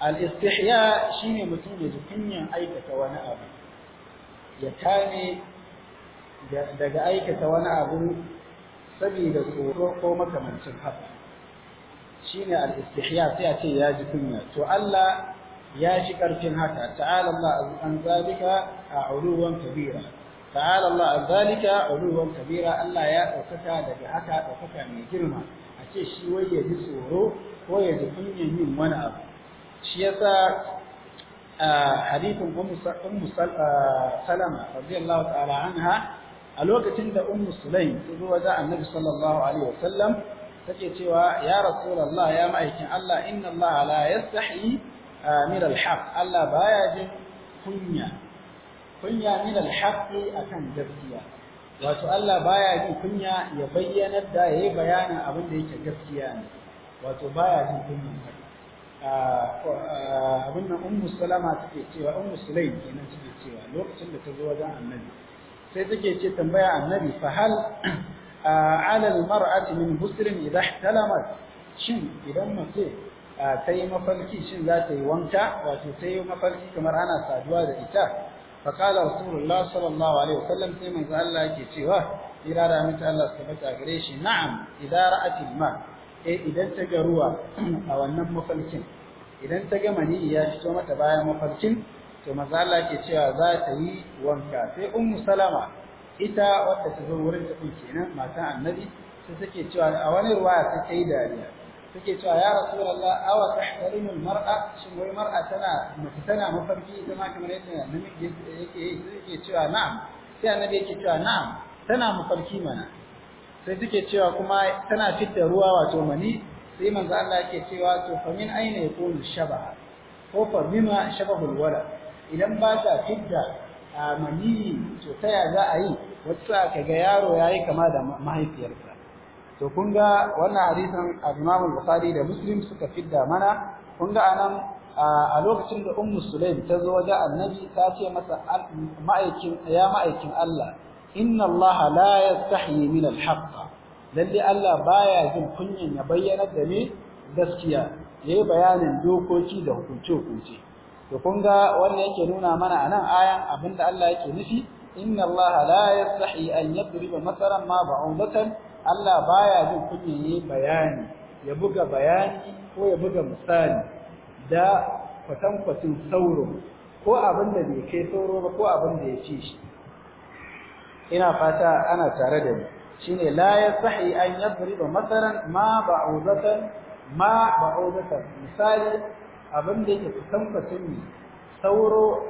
al-istihya shine mutum ya kunyan aikata wani abu ya tame daga aikata wani abu saboda tsoro ko makamancin haka shine al-istihya sai a ce ya ji kunya to Allah ya shi karfin haka ta'ala Allah an zalika a kabira ta'ala Allah an zalika kabira Allah ya daukaka daga haka daukaka mai girma a ce shi wai ya ji tsoro ko ya ji kunya yin wani abu shi yasa a hadithin ummu salama radiyallahu ta'ala anha a lokacin da ummu sulaim ta zo wajen annabi sallallahu alaihi wasallam take cewa ya rasulullah ya ma'aikin Allah inna Allah la yastahi ah, min al-haq Allah baya jin kunya kunya min al-haq akan gaskiya wato Allah baya jin kunya ya bayyana da yayi bayanin abin da yake gaskiya ne wato baya jin kunya ah, ah, abin nan ummu salama take cewa ummu sulaim kenan take cewa lokacin da ta zo wajen annabi sai take ce tambaya annabi fa hal ah, ala al mar'ati min husrin idha ihtalamat shin idan mace ah, ta yi mafarki shin za ta yi wanka wato ta yi mafarki kamar ana saduwa da ita fa qala rasulullah sallallahu alaihi wasallam sai manzo Allah yake cewa ira da mata Allah subhanahu gare shi na'am idza ra'at al ma eh idan ta ga ruwa a wannan mafarkin idan ta ga mani ya fito mata bayan mafarkin to manzo Allah ke cewa za ta yi wanka sai ummu salama ita wadda ta zo wurin ta din kenan matan annabi sai take cewa a wani ruwaya sai ta yi dariya take cewa ya rasulullah awa tahrimu almar'a shin wai mar'a tana mace tana mafarki ita ma kamar yadda namiji yake yi Sai take cewa na'am sai annabi yake cewa na'am tana mafarki mana sai take cewa kuma tana fitta ruwa wato mani sai manzo Allah yake cewa to fa min aina yakunu shabaha ko fa bima shabahul walad idan ba ta fidda a maniyi to ta ya za a yi wasu ka ga yaro ya yi kama da mahaifiyarsa to kun ga wannan hadisan al-Imam Bukhari da Muslim suka fidda mana kun ga anan a lokacin da Ummu Sulaim ta zo wajen Annabi ta ce masa ma'aikin ya ma'aikin Allah inna Allah la yastahi min al-haqq lalle Allah baya jin kunyan ya bayyana da ni gaskiya yayi bayanin dokoki da hukunce hukunce to kun ga wanda yake nuna mana anan ayan abinda Allah yake nufi inna Allah la yastahi an yadriba masalan ma ba'udatan Allah baya jin kunyaye bayani ya buga bayani ko ya buga misali da kwatankwacin sauro ko abinda bai kai sauro ba ko abinda ya ce shi ina fata ana tare da ni shine la yastahi an yadriba masalan ma ba'udatan ma ba'udatan misali abin da yake kusan kwacin sauro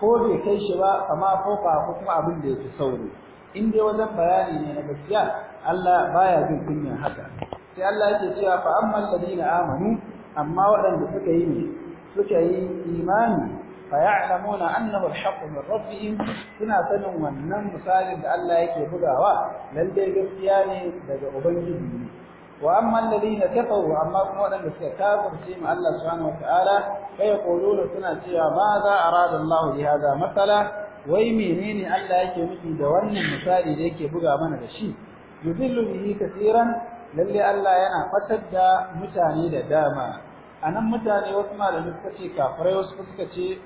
ko bai kai shi ba kama kofa ko kuma abin da yake sauro in dai wajen bayani ne na gaskiya Allah baya jin kunya haka sai Allah yake cewa fa ammal ladina amanu amma waɗanda suka yi ne suka yi imani fa ya'lamuna annahu al min rabbihim suna sanin wannan misalin da Allah yake bugawa lalle gaskiya ne daga ubangiji wa amma alladhina kafaru amma kuma wadanda suka kafirce ma Allah subhanahu wataala kai yaquluna suna cewa ma za arada Allah bi hada masala wai menene Allah yake nufi da wannan misali da yake buga mana da shi yudillu bihi kaseeran lalle Allah yana fatar da mutane da dama anan mutane wasu da suka ce kafirai wasu suka ce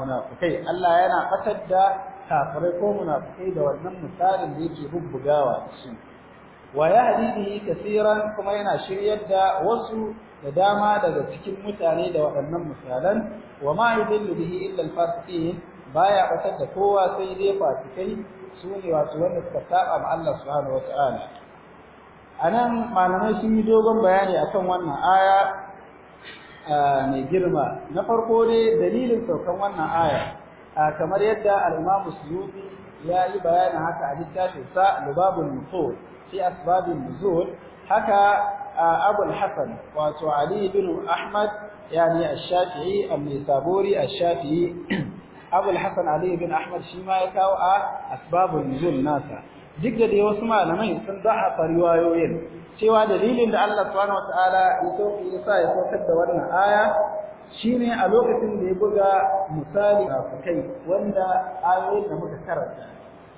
munafikai Allah yana fatar da kafirai ko munafikai da wannan misalin da yake bubbugawa shi wa yahdi bihi kaseeran kuma yana shiryar da wasu da dama daga cikin mutane da waɗannan misalan wa ma yudillu bihi illa al-fasiqin baya batar da kowa sai dai fasikai su ne wato wanda suka saba ma Allah subhanahu wata'ala anan malamai sun yi dogon bayani akan wannan aya mai girma na farko ne dalilin saukan wannan aya kamar yadda al-Imam Suyuti ya yi bayanin haka a littafin sa Lubabul Nusul fi asbabin nuzul haka abul wato ali bin ahmad yani ash-shafi'i an-nisaburi ash-shafi'i abul ahmad shi ya kawo a asbabun nasa duk da dai wasu malamai sun da'afa riwayoyin cewa dalilin da Allah subhanahu wataala ya sauki ya ya saukar da wannan aya shine a lokacin da ya buga misali kai wanda ayoyin da muka karanta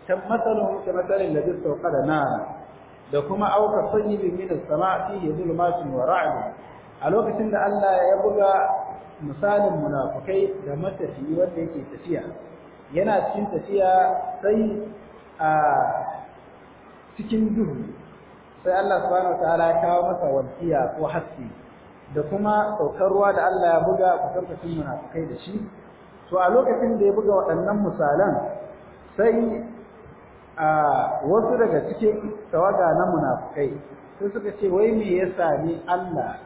kan matsalin muka matsalin da zai sauka da nara da kuma auka sayyibin min as-sama' fihi zulmatun wa ra'd a lokacin da Allah ya buga misalin munafikai da matafiyi wanda yake tafiya yana cikin tafiya sai a cikin duhu sai Allah subhanahu wataala ya kawo masa walqiya ko haske da kuma saukarwa ruwa da Allah ya buga kusantaccin munafikai da shi to a lokacin da ya buga waɗannan misalan sai a wasu daga cikin tawaga na munafukai sai suka ce wai me ya sami Allah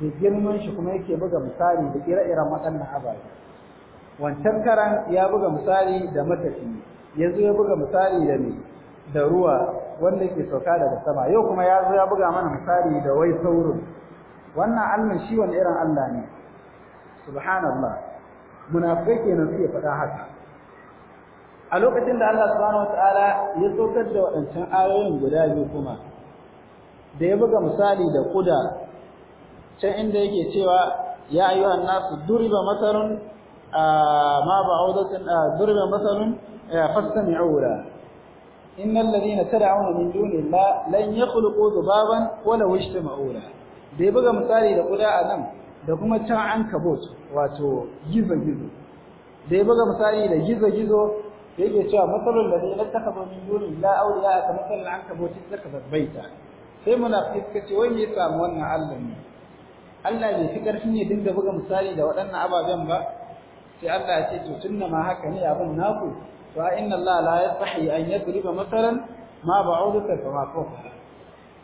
da girman shi kuma yake buga misali da ire-iren waɗannan abaji wancan karan ya buga misali da matafi yanzu ya buga misali da me da ruwa wanda yake sauka daga sama yau kuma ya zo ya buga mana misali da wai saurin. wannan Allah shi wani irin Allah ne subhanallah munafukai kenan suke faɗa haka a lokacin da Allah subhanahu wataala ya saukar da waɗancan ayoyin guda biyu kuma da ya buga misali da kuda can inda yake cewa ya ayyuhan nasu duriba masalun ma ba'udatin duriba masalun fastami'u la innal ladina tad'una min duni la lan yakhluqu dhubaban walau ijtama'u la da ya buga misali da kuda a nan da kuma can an kabot wato gizo gizo da ya buga misali da gizo gizo yake cewa matsalar da zai lantaka ba min yuri la auliya aka matsalar an kabo ci zaka babbaita sai munafiki suka ce wai ya samu wannan Allah ne Allah bai fi karfin ya dinga buga misali da waɗannan ababen ba sai Allah ya ce to tunda ma haka ne abin naku to inna Allah la yastahi an yadriba masalan ma ba'udaka fa ma fawqa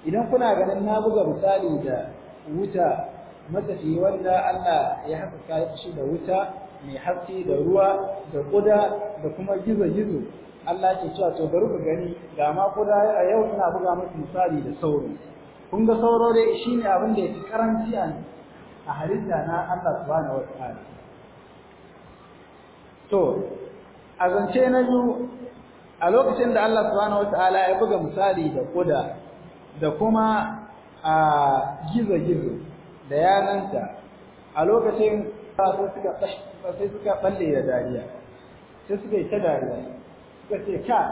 idan kuna ganin na buga misali da wuta matafi wanda Allah ya haka kai shi da wuta mai haske da ruwa da ƙuda da kuma gizo-gizo Allah ke cewa to bari ku gani ga ma kuda a yau ina buga muku misali da sauro kun ga sauro dai shine abin da yake karanci a halitta na Allah subhanahu wataala to a zance na biyu a lokacin da Allah subhanahu wataala ya buga misali da kuda da kuma a gizo-gizo da yananta a lokacin sai suka balle da dariya sai suka yi ta dariya suka ce ka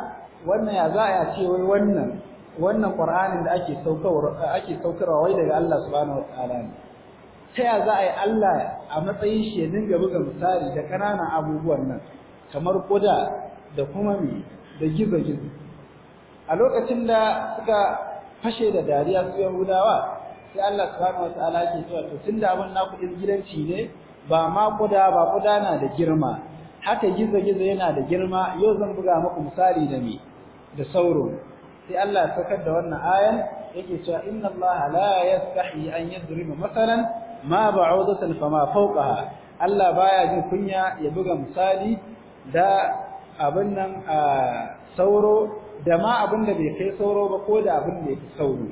wannan ya za a ce wai wannan wannan qur'anin da ake saukarwa ake saukarwa wai daga Allah subhanahu wataala ne ta ya za a Allah a matsayin shi ya dinga buga misali da ƙananan abubuwan nan kamar koda da kuma mi da gizo-gizo a lokacin da suka fashe da dariya su yahudawa sai Allah subhanahu wataala ke cewa to tunda abin naku izgilanci ne ba ma kuda ba kuda na da girma haka gizo-gizo yana da girma yau zan buga muku misali da me da sauro sai Allah ya sakar da wannan ayan yake cewa inna Allah la yastahi an yadriba masalan ma ba'udatan fama fawqaha Allah baya jin kunya ya buga misali da abin nan a sauro da ma abin da bai kai sauro ba ko da abin da yake sauro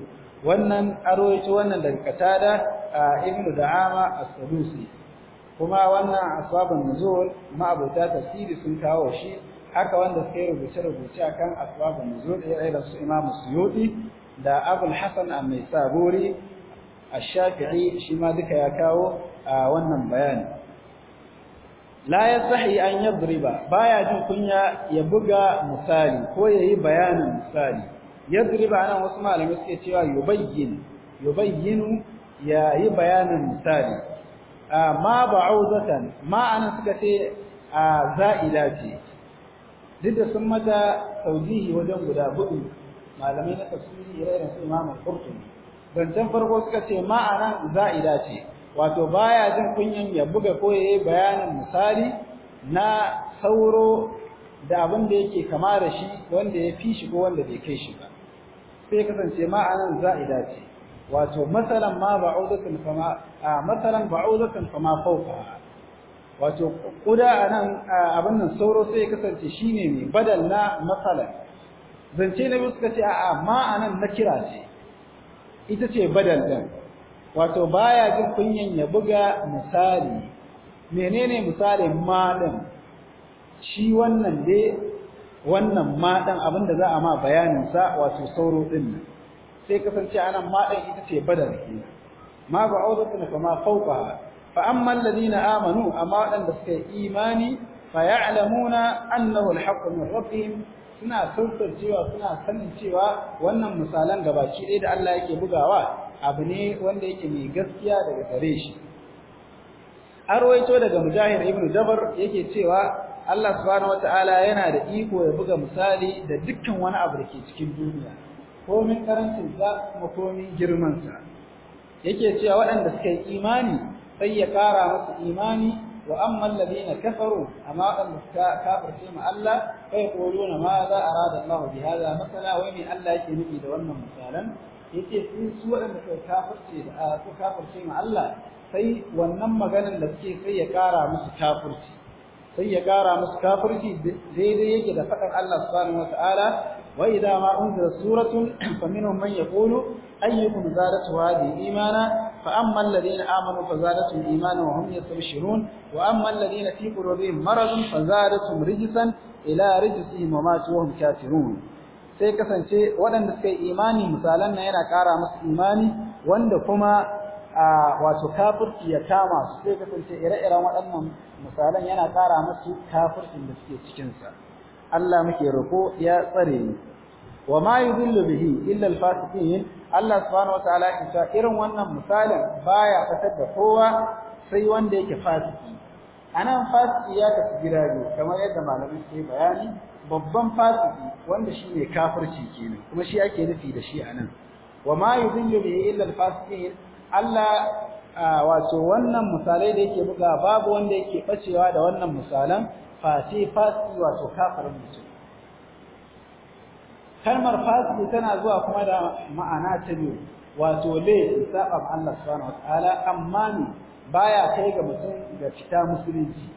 wannan aro wannan daga katada ibnu da'ama as-sadusi kuma wannan asbabun nuzul ta tafsiri sun kawo shi haka wanda suka yi rubuce-rubuce akan asbabun nuzul irin su imamu Suyuti da Abul Hasan An-Naisaburi Ash-Shafi'i shi ma duka ya kawo wannan bayani la yasahi an yadriba baya jin kunya ya buga misali ko yayi bayanin misali yadriba anan wasu malamai suke cewa yubayyin yubayyinu yayi bayanin misali ma ba'udatan ma anan suka ce za'ila ce duk da sun mata taujihi wajen guda hudu malamai na tafsiri irin su Imam Qurtubi bantan farko suka ce ma anan za'ila ce wato baya jin kunyan ya buga ko yayi bayanin misali na sauro da abin da yake kama da shi wanda ya fi shi ko wanda bai kai shi ba sai kasance ma'anan za'ida ce wato masalan ma ba'udatun fama a masalan ba'udatun fama fauka wato kuda anan abin nan sauro sai ya kasance shine ne badal na masalan zance na biyu suka ce a'a ma anan na kira ce ita ce badal din wato baya jin kunyan ya buga misali menene misali ma din shi wannan dai wannan ma din abin za a ma bayanin sa wato sauro din nan sai kasance anan maɗan ita ce badar ke ma ba'udatu fa ma fawqaha fa amma alladhina amanu amma waɗanda suka yi imani fa ya'lamuna annahu al-haqqu min rabbihim suna sautar cewa suna sanin cewa wannan misalan baki ɗaya da Allah yake bugawa abu ne wanda yake mai gaskiya daga gare shi arwaito daga mujahid ibn dabar yake cewa Allah subhanahu wataala yana da iko ya buga misali da dukkan wani abu da ke cikin duniya komin karancinsa kuma komin girmansa yake cewa waɗanda suka yi imani sai ya ƙara masu imani wa amma alladhina kafaru amma waɗanda suka kafirce ma Allah kai yaquluna ma za arada Allah bi hadha masala wai min Allah yake nufi da wannan misalan yace sun su waɗanda suka kafirce da kafirce ma Allah sai wannan maganar da suke sai ya ƙara musu kafirci sai ya ƙara musu kafirci daidai yake da faɗar Allah subhanahu wa ta'ala وإذا ما أنزلت سورة فمنهم من يقول أيكم زادت هذه إيمانا فأما الذين آمنوا فزادتهم إيمانا وهم يستبشرون وأما الذين في قلوبهم مرض فزادتهم رجسا إلى رجسهم وماتوا وهم كافرون sai kasance waɗanda suka yi imani misalan nan yana ƙara musu imani wanda kuma wato kafirci ya kama su sai kasance ire-iren waɗannan misalan yana ƙara musu kafircin da suke cikinsa. Allah muke roko ya tsare ni. wa ma yudillu bihi illa al-fasiqin Allah subhanahu wa ta'ala in sa irin wannan misalin baya fatar da kowa sai wanda yake fasiki anan fasiki ya tafi gida kamar yadda malamin sai bayani babban fasiki wanda shine kafirci kenan kuma shi ake nufi da shi anan wa ma yudillu bihi illa al-fasiqin Allah wato wannan misalai da yake buga babu wanda yake bacewa da wannan misalan face fasiki wato kafirin mutum kalmar fasiki tana zuwa kuma da ma'ana ta biyu wato laifi saba ma Allah subhanahu wataala amma ne baya kai ga mutum ga fita musulunci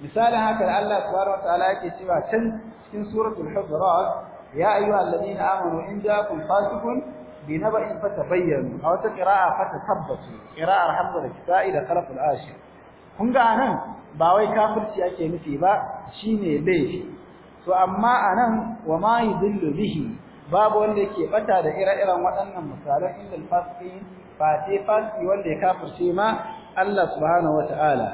misalin haka da Allah subhanahu wataala yake cewa can cikin suratul hujurat ya ayyuhal ladina amanu in ja'akum fasiqun بنبأ فتبينوا أو تقراء فتثبتوا قراءة حمد الكسائي لخلف الآشر kun ga anan ba wai kafirci ake nufi ba shine laifi to amma anan wa ma yudillu bihi babu wanda yake bata da ire-iren waɗannan misalan illal fasiqin fa sai fasiki wanda ya kafirce ma Allah subhanahu wataala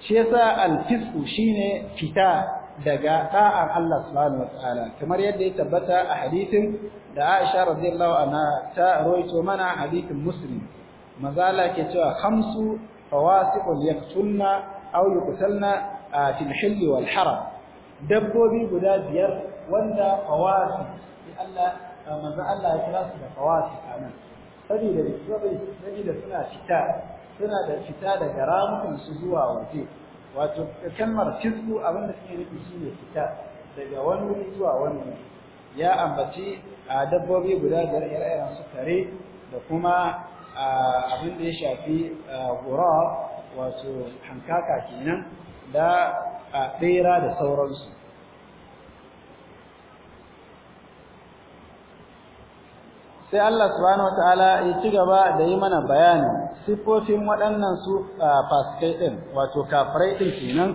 shi yasa al-fisqu shine fita daga da'ar Allah subhanahu wataala kamar yadda ya tabbata a hadisin da Aisha radiyallahu anha ta rawaito mana hadisin Muslim mazala ke cewa khamsu fawasiqun yaqtulna aw yuqtalna fil hilli wal haram dabbobi guda biyar wanda fawasi maza Allah manzo Allah ya kira su da fawasi anan saboda saboda suna fita suna da fita daga ramukan su zuwa waje wato kalmar fisku abin da suke nufi shine fita daga wani wuri zuwa wani ya ambaci a dabbobi guda biyar ire-iren su da kuma abin da ya shafi gura wato hankaka kenan da ɗera da sauransu sai Allah subhanahu wataala ya ci gaba da yi mana bayani siffofin waɗannan su fasikai ɗin wato kafirai ɗin kenan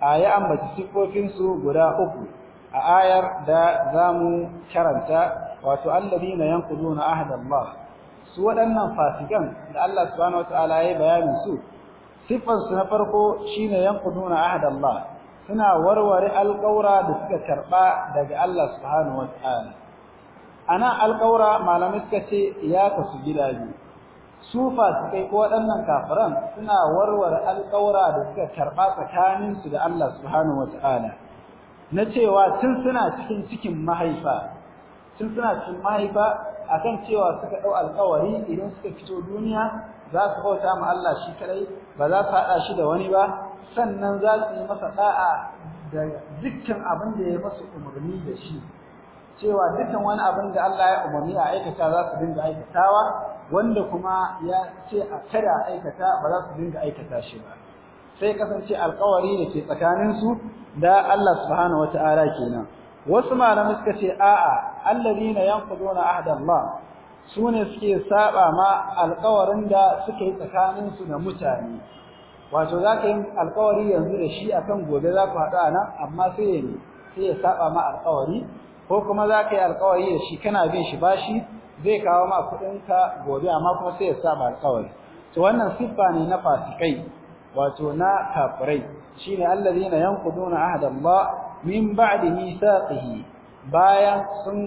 a yi ambaci siffofinsu guda uku a ayar da za mu karanta wato na na ahdallah su waɗannan fasikan da Allah subhanahu wataala ya bayani su siffar su na farko shine yanquduna Ahadallah, suna warware alƙaura da suka karba daga Allah subhanahu wataala ana alƙaura malamai suka ce ya kasu gida biyu su fasikai ko waɗannan kafiran suna warware alƙaura da suka karba tsakanin su da Allah subhanahu wataala na cewa tun suna cikin cikin mahaifa tun suna cikin mahaifa akan cewa suka dau alƙawari idan suka fito duniya za su bauta ma Allah shi kadai ba za su hada shi da wani ba sannan za su yi masa da'a da dukkan abin da ya masa umarni da shi cewa dukkan wani abin da Allah ya umarni a aikata za su dinga aikatawa wanda kuma ya ce a kada aikata ba za su dinga aikata shi ba sai kasance alƙawari da ke tsakaninsu da Allah subhanahu wata'ala kenan wasu malamai suka ce a'a alladhina yanquduna ahda Allah sune suke saba ma alƙawarin da suka yi tsakanin su da mutane wato zaka yi alƙawari yanzu da shi akan gobe za ku haɗu nan amma sai ya sai ya saba ma alƙawari ko kuma zaka yi alƙawari da shi kana bin shi bashi zai kawo ma kuɗinka gobe amma kuma sai ya saba alƙawari to wannan siffa ne na fasikai wato na kafirai shine alladhina yanquduna ahda Allah min ba'di misaqihi bayan sun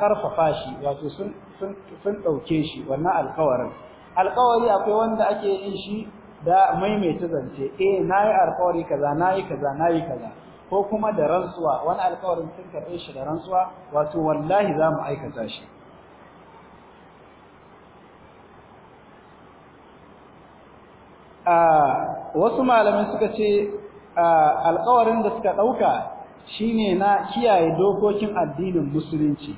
karfafa shi wato sun sun dauke shi wannan alƙawarin alƙawari akwai wanda ake yin shi da maimaita zance eh nayi alƙawari kaza nayi kaza nayi kaza ko kuma da rantsuwa wannan alƙawarin sun karbe shi da rantsuwa wato wallahi za mu aikata shi wasu malamai suka ce alƙawarin da suka ɗauka shine na kiyaye dokokin addinin musulunci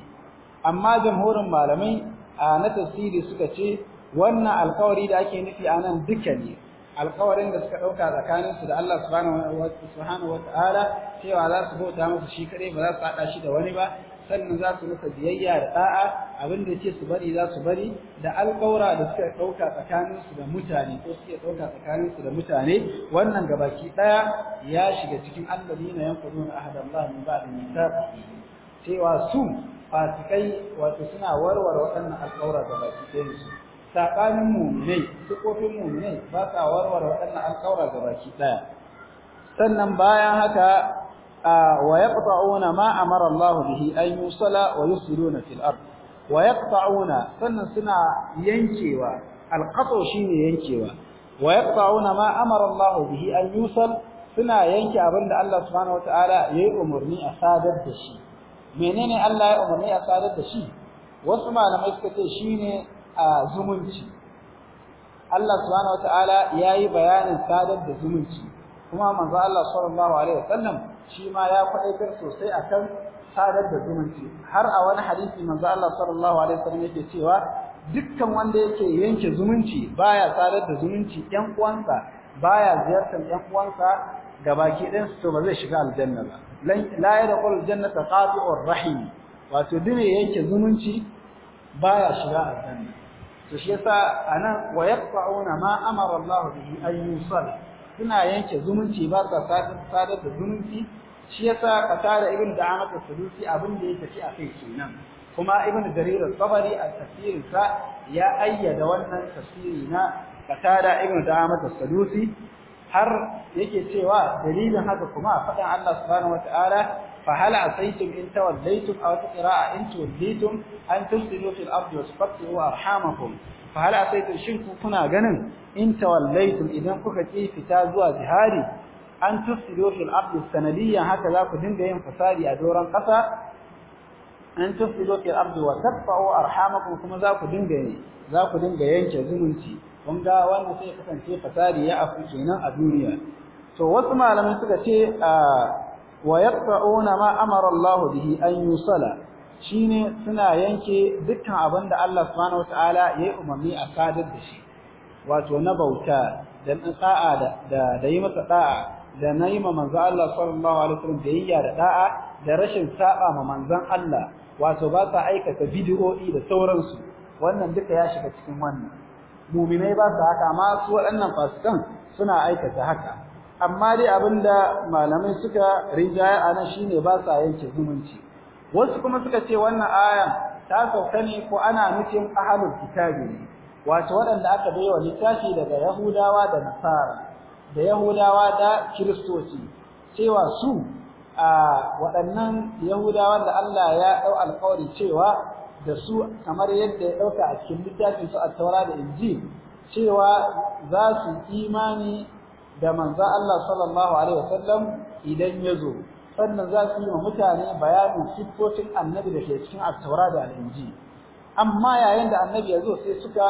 amma jamhurin malamai a na tasiri suka ce wannan alƙawari da ake nufi a nan duka ne alƙawarin da suka ɗauka tsakaninsu da Allah subhanahu wa ta'ala cewa za su bauta musu shi kare, ba za su haɗa shi da wani ba sannan za su masa biyayya da ɗa'a abinda da yake su bari za su bari da alƙaura da suka ɗauka tsakaninsu da mutane ko suke ɗauka tsakaninsu da mutane wannan gabaki ɗaya ya shiga cikin alladina na ahadallahi min bada mithaqihi cewa su fasikai wato suna warware waɗannan gabaki ɗayan su sabanin mu'minai su kofin mu'minai ba sa warware waɗannan alƙaura gabaki ɗaya. sannan bayan haka ويقطعون ما أمر الله به أن يوصل ويفسدون في الأرض ويقطعون سنة سنة ينكوا القطع شين ينكوا ويقطعون ما أمر الله به أن يوصل سنة ينكي أبن الله سبحانه وتعالى يأمرني أسادة الشيء منين الله يأمرني أسادة الشيء واسمع لما يسكتي شين زمنتي Allah subhanahu wataala yayi bayanin sadar da zumunci kuma manzo Allah sallallahu alaihi wasallam shi ma ya kwaɗaitar sosai a kan sadar da zumunci har a wani hadisi manzo Allah sallallahu alaihi wasallam yake cewa dukkan wanda yake yanke zumunci baya sadar da zumunci ɗan uwansa baya ziyartar ɗan uwansa ga baki ɗin to ba zai shiga aljanna ba la daqul jannata qati'ur rahim wato dune yake zumunci baya shiga aljanna to shi yasa anan wa yaqta'una ma amara Allah bihi suna yanke zumunci ba sa sadar da zumunci shi yasa qatada ibn da'amat as-sulusi abin da ya tafi a kai kenan kuma ibn jarir al-tabari a tafsirin sa ya ayyada wannan tafsiri na qatada ibn da'amat as-sulusi har yake cewa dalilin haka kuma fadan Allah subhanahu wataala fa hal asaytum in tawallaytum aw qira'a in tawallaytum an tusilu fil ardi wa tuqtu arhamakum fa asaitu shin ku kuna ganin in tawallaitum idan kuka ki fita zuwa jihari an tufsidu fil ardi sanadiyyan haka za ku dinga yin fasadi a doran kasa an tufsidu fil ardi wa taqta'u arhamakum kuma za ku dinga yi za ku dinga yanke zumunci kun ga wannan sai kasance fasadi ya afu kenan a duniya to wasu malamai suka ce ah, wa yaqta'una ma amara bihi an yusala shine suna yanke dukkan abin da Allah subhanahu wataala ya yi umarni a sadar da shi wato na bauta da sa'a da da yi masa da'a da na yi ma manzan Allah sallallahu alaihi wasallam da da'a da rashin saba ma manzan Allah wato ba sa aikata bid'o'i da sauransu wannan duka ya shiga cikin wannan muminai ba sa haka amma su waɗannan fasikan suna aikata haka amma dai abinda malamai suka rinjaya a nan shine ba sa yanke zumunci wasu kuma suka ce wannan aya ta sauka ne ko ana nufin ahlul kitabi ne wato waɗanda aka bai wa litafi daga yahudawa da nasara da yahudawa da kiristoci cewa su a waɗannan yahudawa da Allah ya ɗau alƙawari cewa da su kamar yadda ya ɗauka a cikin littafin su a taura da injil cewa za su imani da manzo Allah sallallahu alaihi wasallam idan ya zo sannan za su yi wa mutane bayanin siffofin annabi da ke cikin attaura da al'inji amma yayin da annabi ya zo sai suka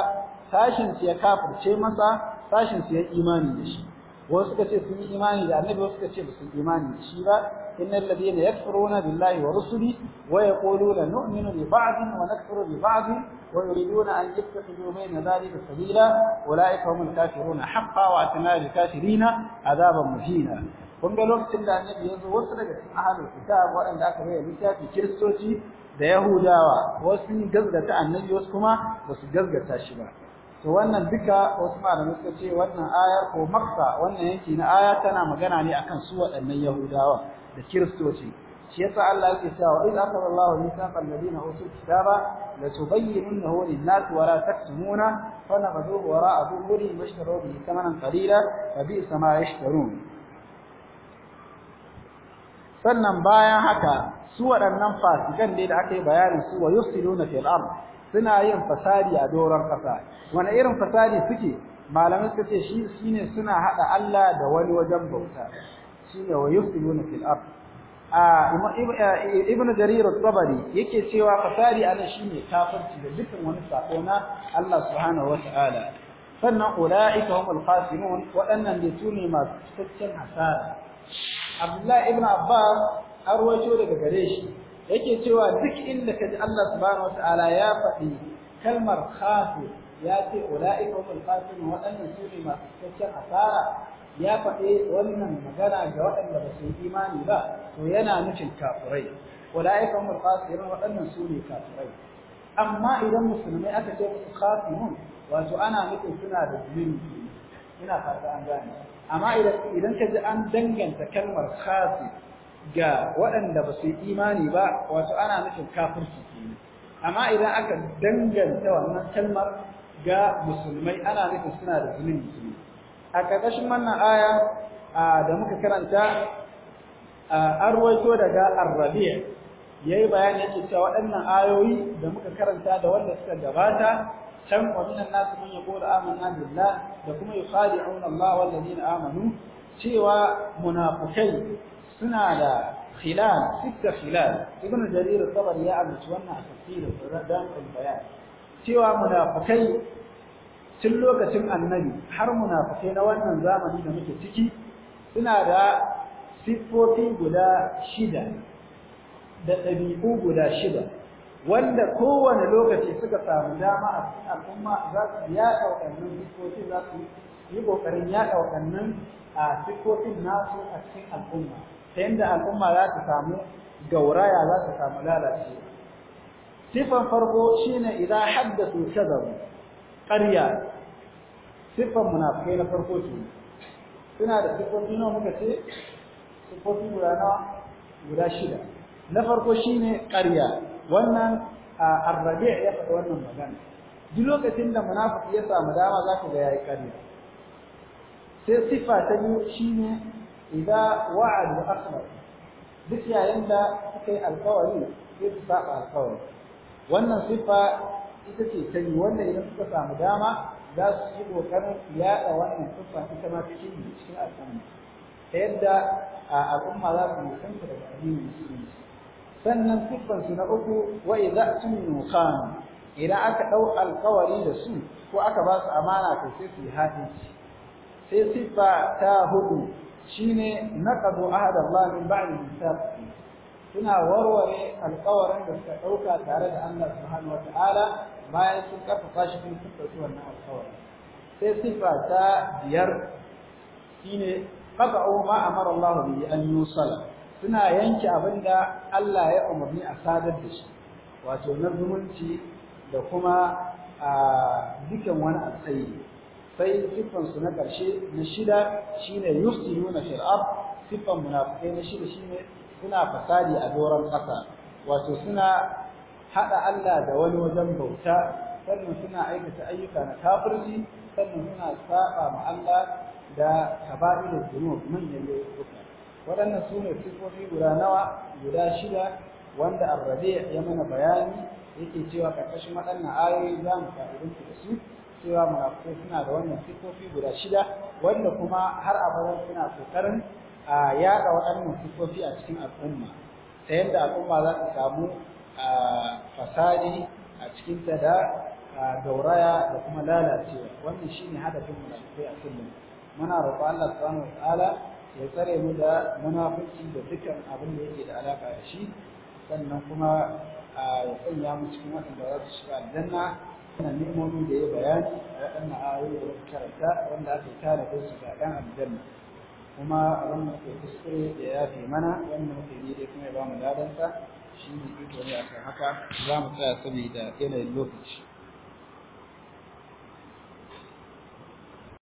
sashin su ya kafirce masa sashin su ya imani da shi wasu suka ce sun yi imani da annabi wasu suka ce ba su imani da shi ba innal ladina yakfuruna billahi wa rusuli wa yaquluna nu'minu bi ba'din wa nakfuru bi ba'din wa yuriduna an yattakhidhu bayna dhalika sabila ulaika humul kafiruna haqqan wa atna lil kafirina adhaban muhina kun ga lokacin da annabi ya zo wasu daga cikin ahlul kitab waɗanda aka bayar littafi kiristoci da yahudawa wasu sun gazgata annabi wasu kuma ba su gazgata shi ba to wannan duka wasu malamai suka ce wannan ayar ko makka wannan yanki na aya tana magana ne akan su waɗannan yahudawa da kiristoci shi yasa Allah yake cewa in akala Allahu mithaqal ladina utul kitaba la tubayyinunahu lin-nas wa la taktumuna fa nabadu wara'a dhuhuri mashtaru bi'sa ma yashtarun sannan bayan haka su waɗannan fasikan ne da aka yi bayanin su wa yufsiduna fil ard suna yin fasadi a doron ƙasa wani irin fasadi suke malamai suka ce shi shine suna hada Allah da wani wajen bauta shine wa yufsiduna fil ard a ibnu jarir at-tabari yake cewa fasadi anan shine kafirci da dukkan wani sako na Allah subhanahu wata'ala sannan ulaika humul khasirun waɗannan ne tuni masu cikakken hasara Abdullahi ibn Abbas an rawaito daga gare shi yake cewa duk inda kaji Allah subhanahu wataala ya faɗi kalmar khafi ya ce ulaika humul khasirun waɗannan su ne masu cikakken asara ya faɗi wannan magana ga waɗanda ba su yi imani ba to yana nufin kafirai ulaika humul khasirun waɗannan su ne kafirai amma idan musulmai aka ce musu khasirun wato ana nufin suna da zulmi ina fata an gane amma idan ka ji an danganta kalmar khafi ga waɗanda ba su yi imani ba wato ana nufin kafirci kenan amma idan aka danganta wannan kalmar ga musulmai ana nufin suna da zunubi kenan a ƙarƙashin wannan aya da muka karanta an ruwaito daga arrabiya yayi bayani yake cewa waɗannan ayoyi da muka karanta da wanda suka gabata can wa minan nasu man yaqulu amanna billah da kuma yukhadi'una Allah wal amanu cewa munafikai suna da khilal sitta khilal ibn jarir tabari ya ambaci wannan a tafsirin radan al-bayan cewa munafikai tun lokacin annabi har munafikai na wannan zamani da muke ciki suna da siffofi guda shida da ɗabi'u guda shida wanda kowane lokaci suka samu dama a cikin al'umma za su ya waɗannan siffofin za su yi ƙoƙarin yaɗa waɗannan a siffofin nasu a cikin al'umma ta yadda al'umma za ta samu gauraya za ta samu lalace siffan farko shine idan haddasu shagaru ƙarya siffan munafikai na farko ce suna da siffofi nawa muka ce siffofi guda nawa guda shida na farko shine ƙarya wannan arrabi ya faɗi wannan magana duk lokacin da munafiki ya samu dama za ka ga yayi ƙarya sai sifa ta biyu shine idza wa'adu akhra duk yayin da suka yi alkawari sai su saba wannan sifa ita ce ta biyu wannan idan suka samu dama za su yi ƙoƙarin yaɗa wannan sifa ita ma cikin cikin al'umma ta yadda al'umma za su da daga addinin musulunci sannan siffansu na uku wa idza tumu khan idan aka ɗau alkawari da su ko aka ba su amana to sai su haɗe sai siffa ta hudu shine naqadu ahada Allah min ba'di mithaqi suna warware alkawarin da suka ɗauka tare da Allah subhanahu wataala bayan sun karfafa shi cikin siffa wannan alkawari sai siffa ta biyar shine qata'u ma amara Allah bihi an yusala suna yanke abin da Allah ya umarni a sadar da shi wato na zumunci da kuma a dukan wani alkhairi sai siffan su na ƙarshe, na shida shine yufsiduna na ard siffan munafiqai na shida shine suna fasadi a doron ƙasa wato suna hada Allah da wani wajen bauta sannan suna aikata ayyuka na kafirci sannan suna saba ma Allah da kaba'irul dhunub manyan laifuka waɗannan su ne sifofi guda nawa guda shida wanda arrabe ya mana bayani yake cewa ƙarƙashin waɗannan ayoyi za mu fa'idunku da su cewa munafukai suna da wannan sifofi guda shida wanda kuma har bara suna kokarin a yaɗa waɗannan sifofi a cikin al'umma ta yadda al'umma za ta samu fasadi a cikinta da gauraya da kuma lalacewa wannan shine hadafin munafukai a kullum muna roƙon Allah subhanahu wa ta'ala ya tsare mu da munafunci da dukkan abin da yake da alaka da shi sannan kuma ya sanya mu cikin waɗanda za su shiga aljanna wannan nemomi da ya bayani a waɗannan ayoyi da muka karanta wanda aka tara da su ga ɗan aljanna kuma a wannan ke kuskure da ya fi mana wanda muke ne dai kuma ya ba mu ladansa shi ne iko ne akan haka za mu tsaya saboda yanayin lokaci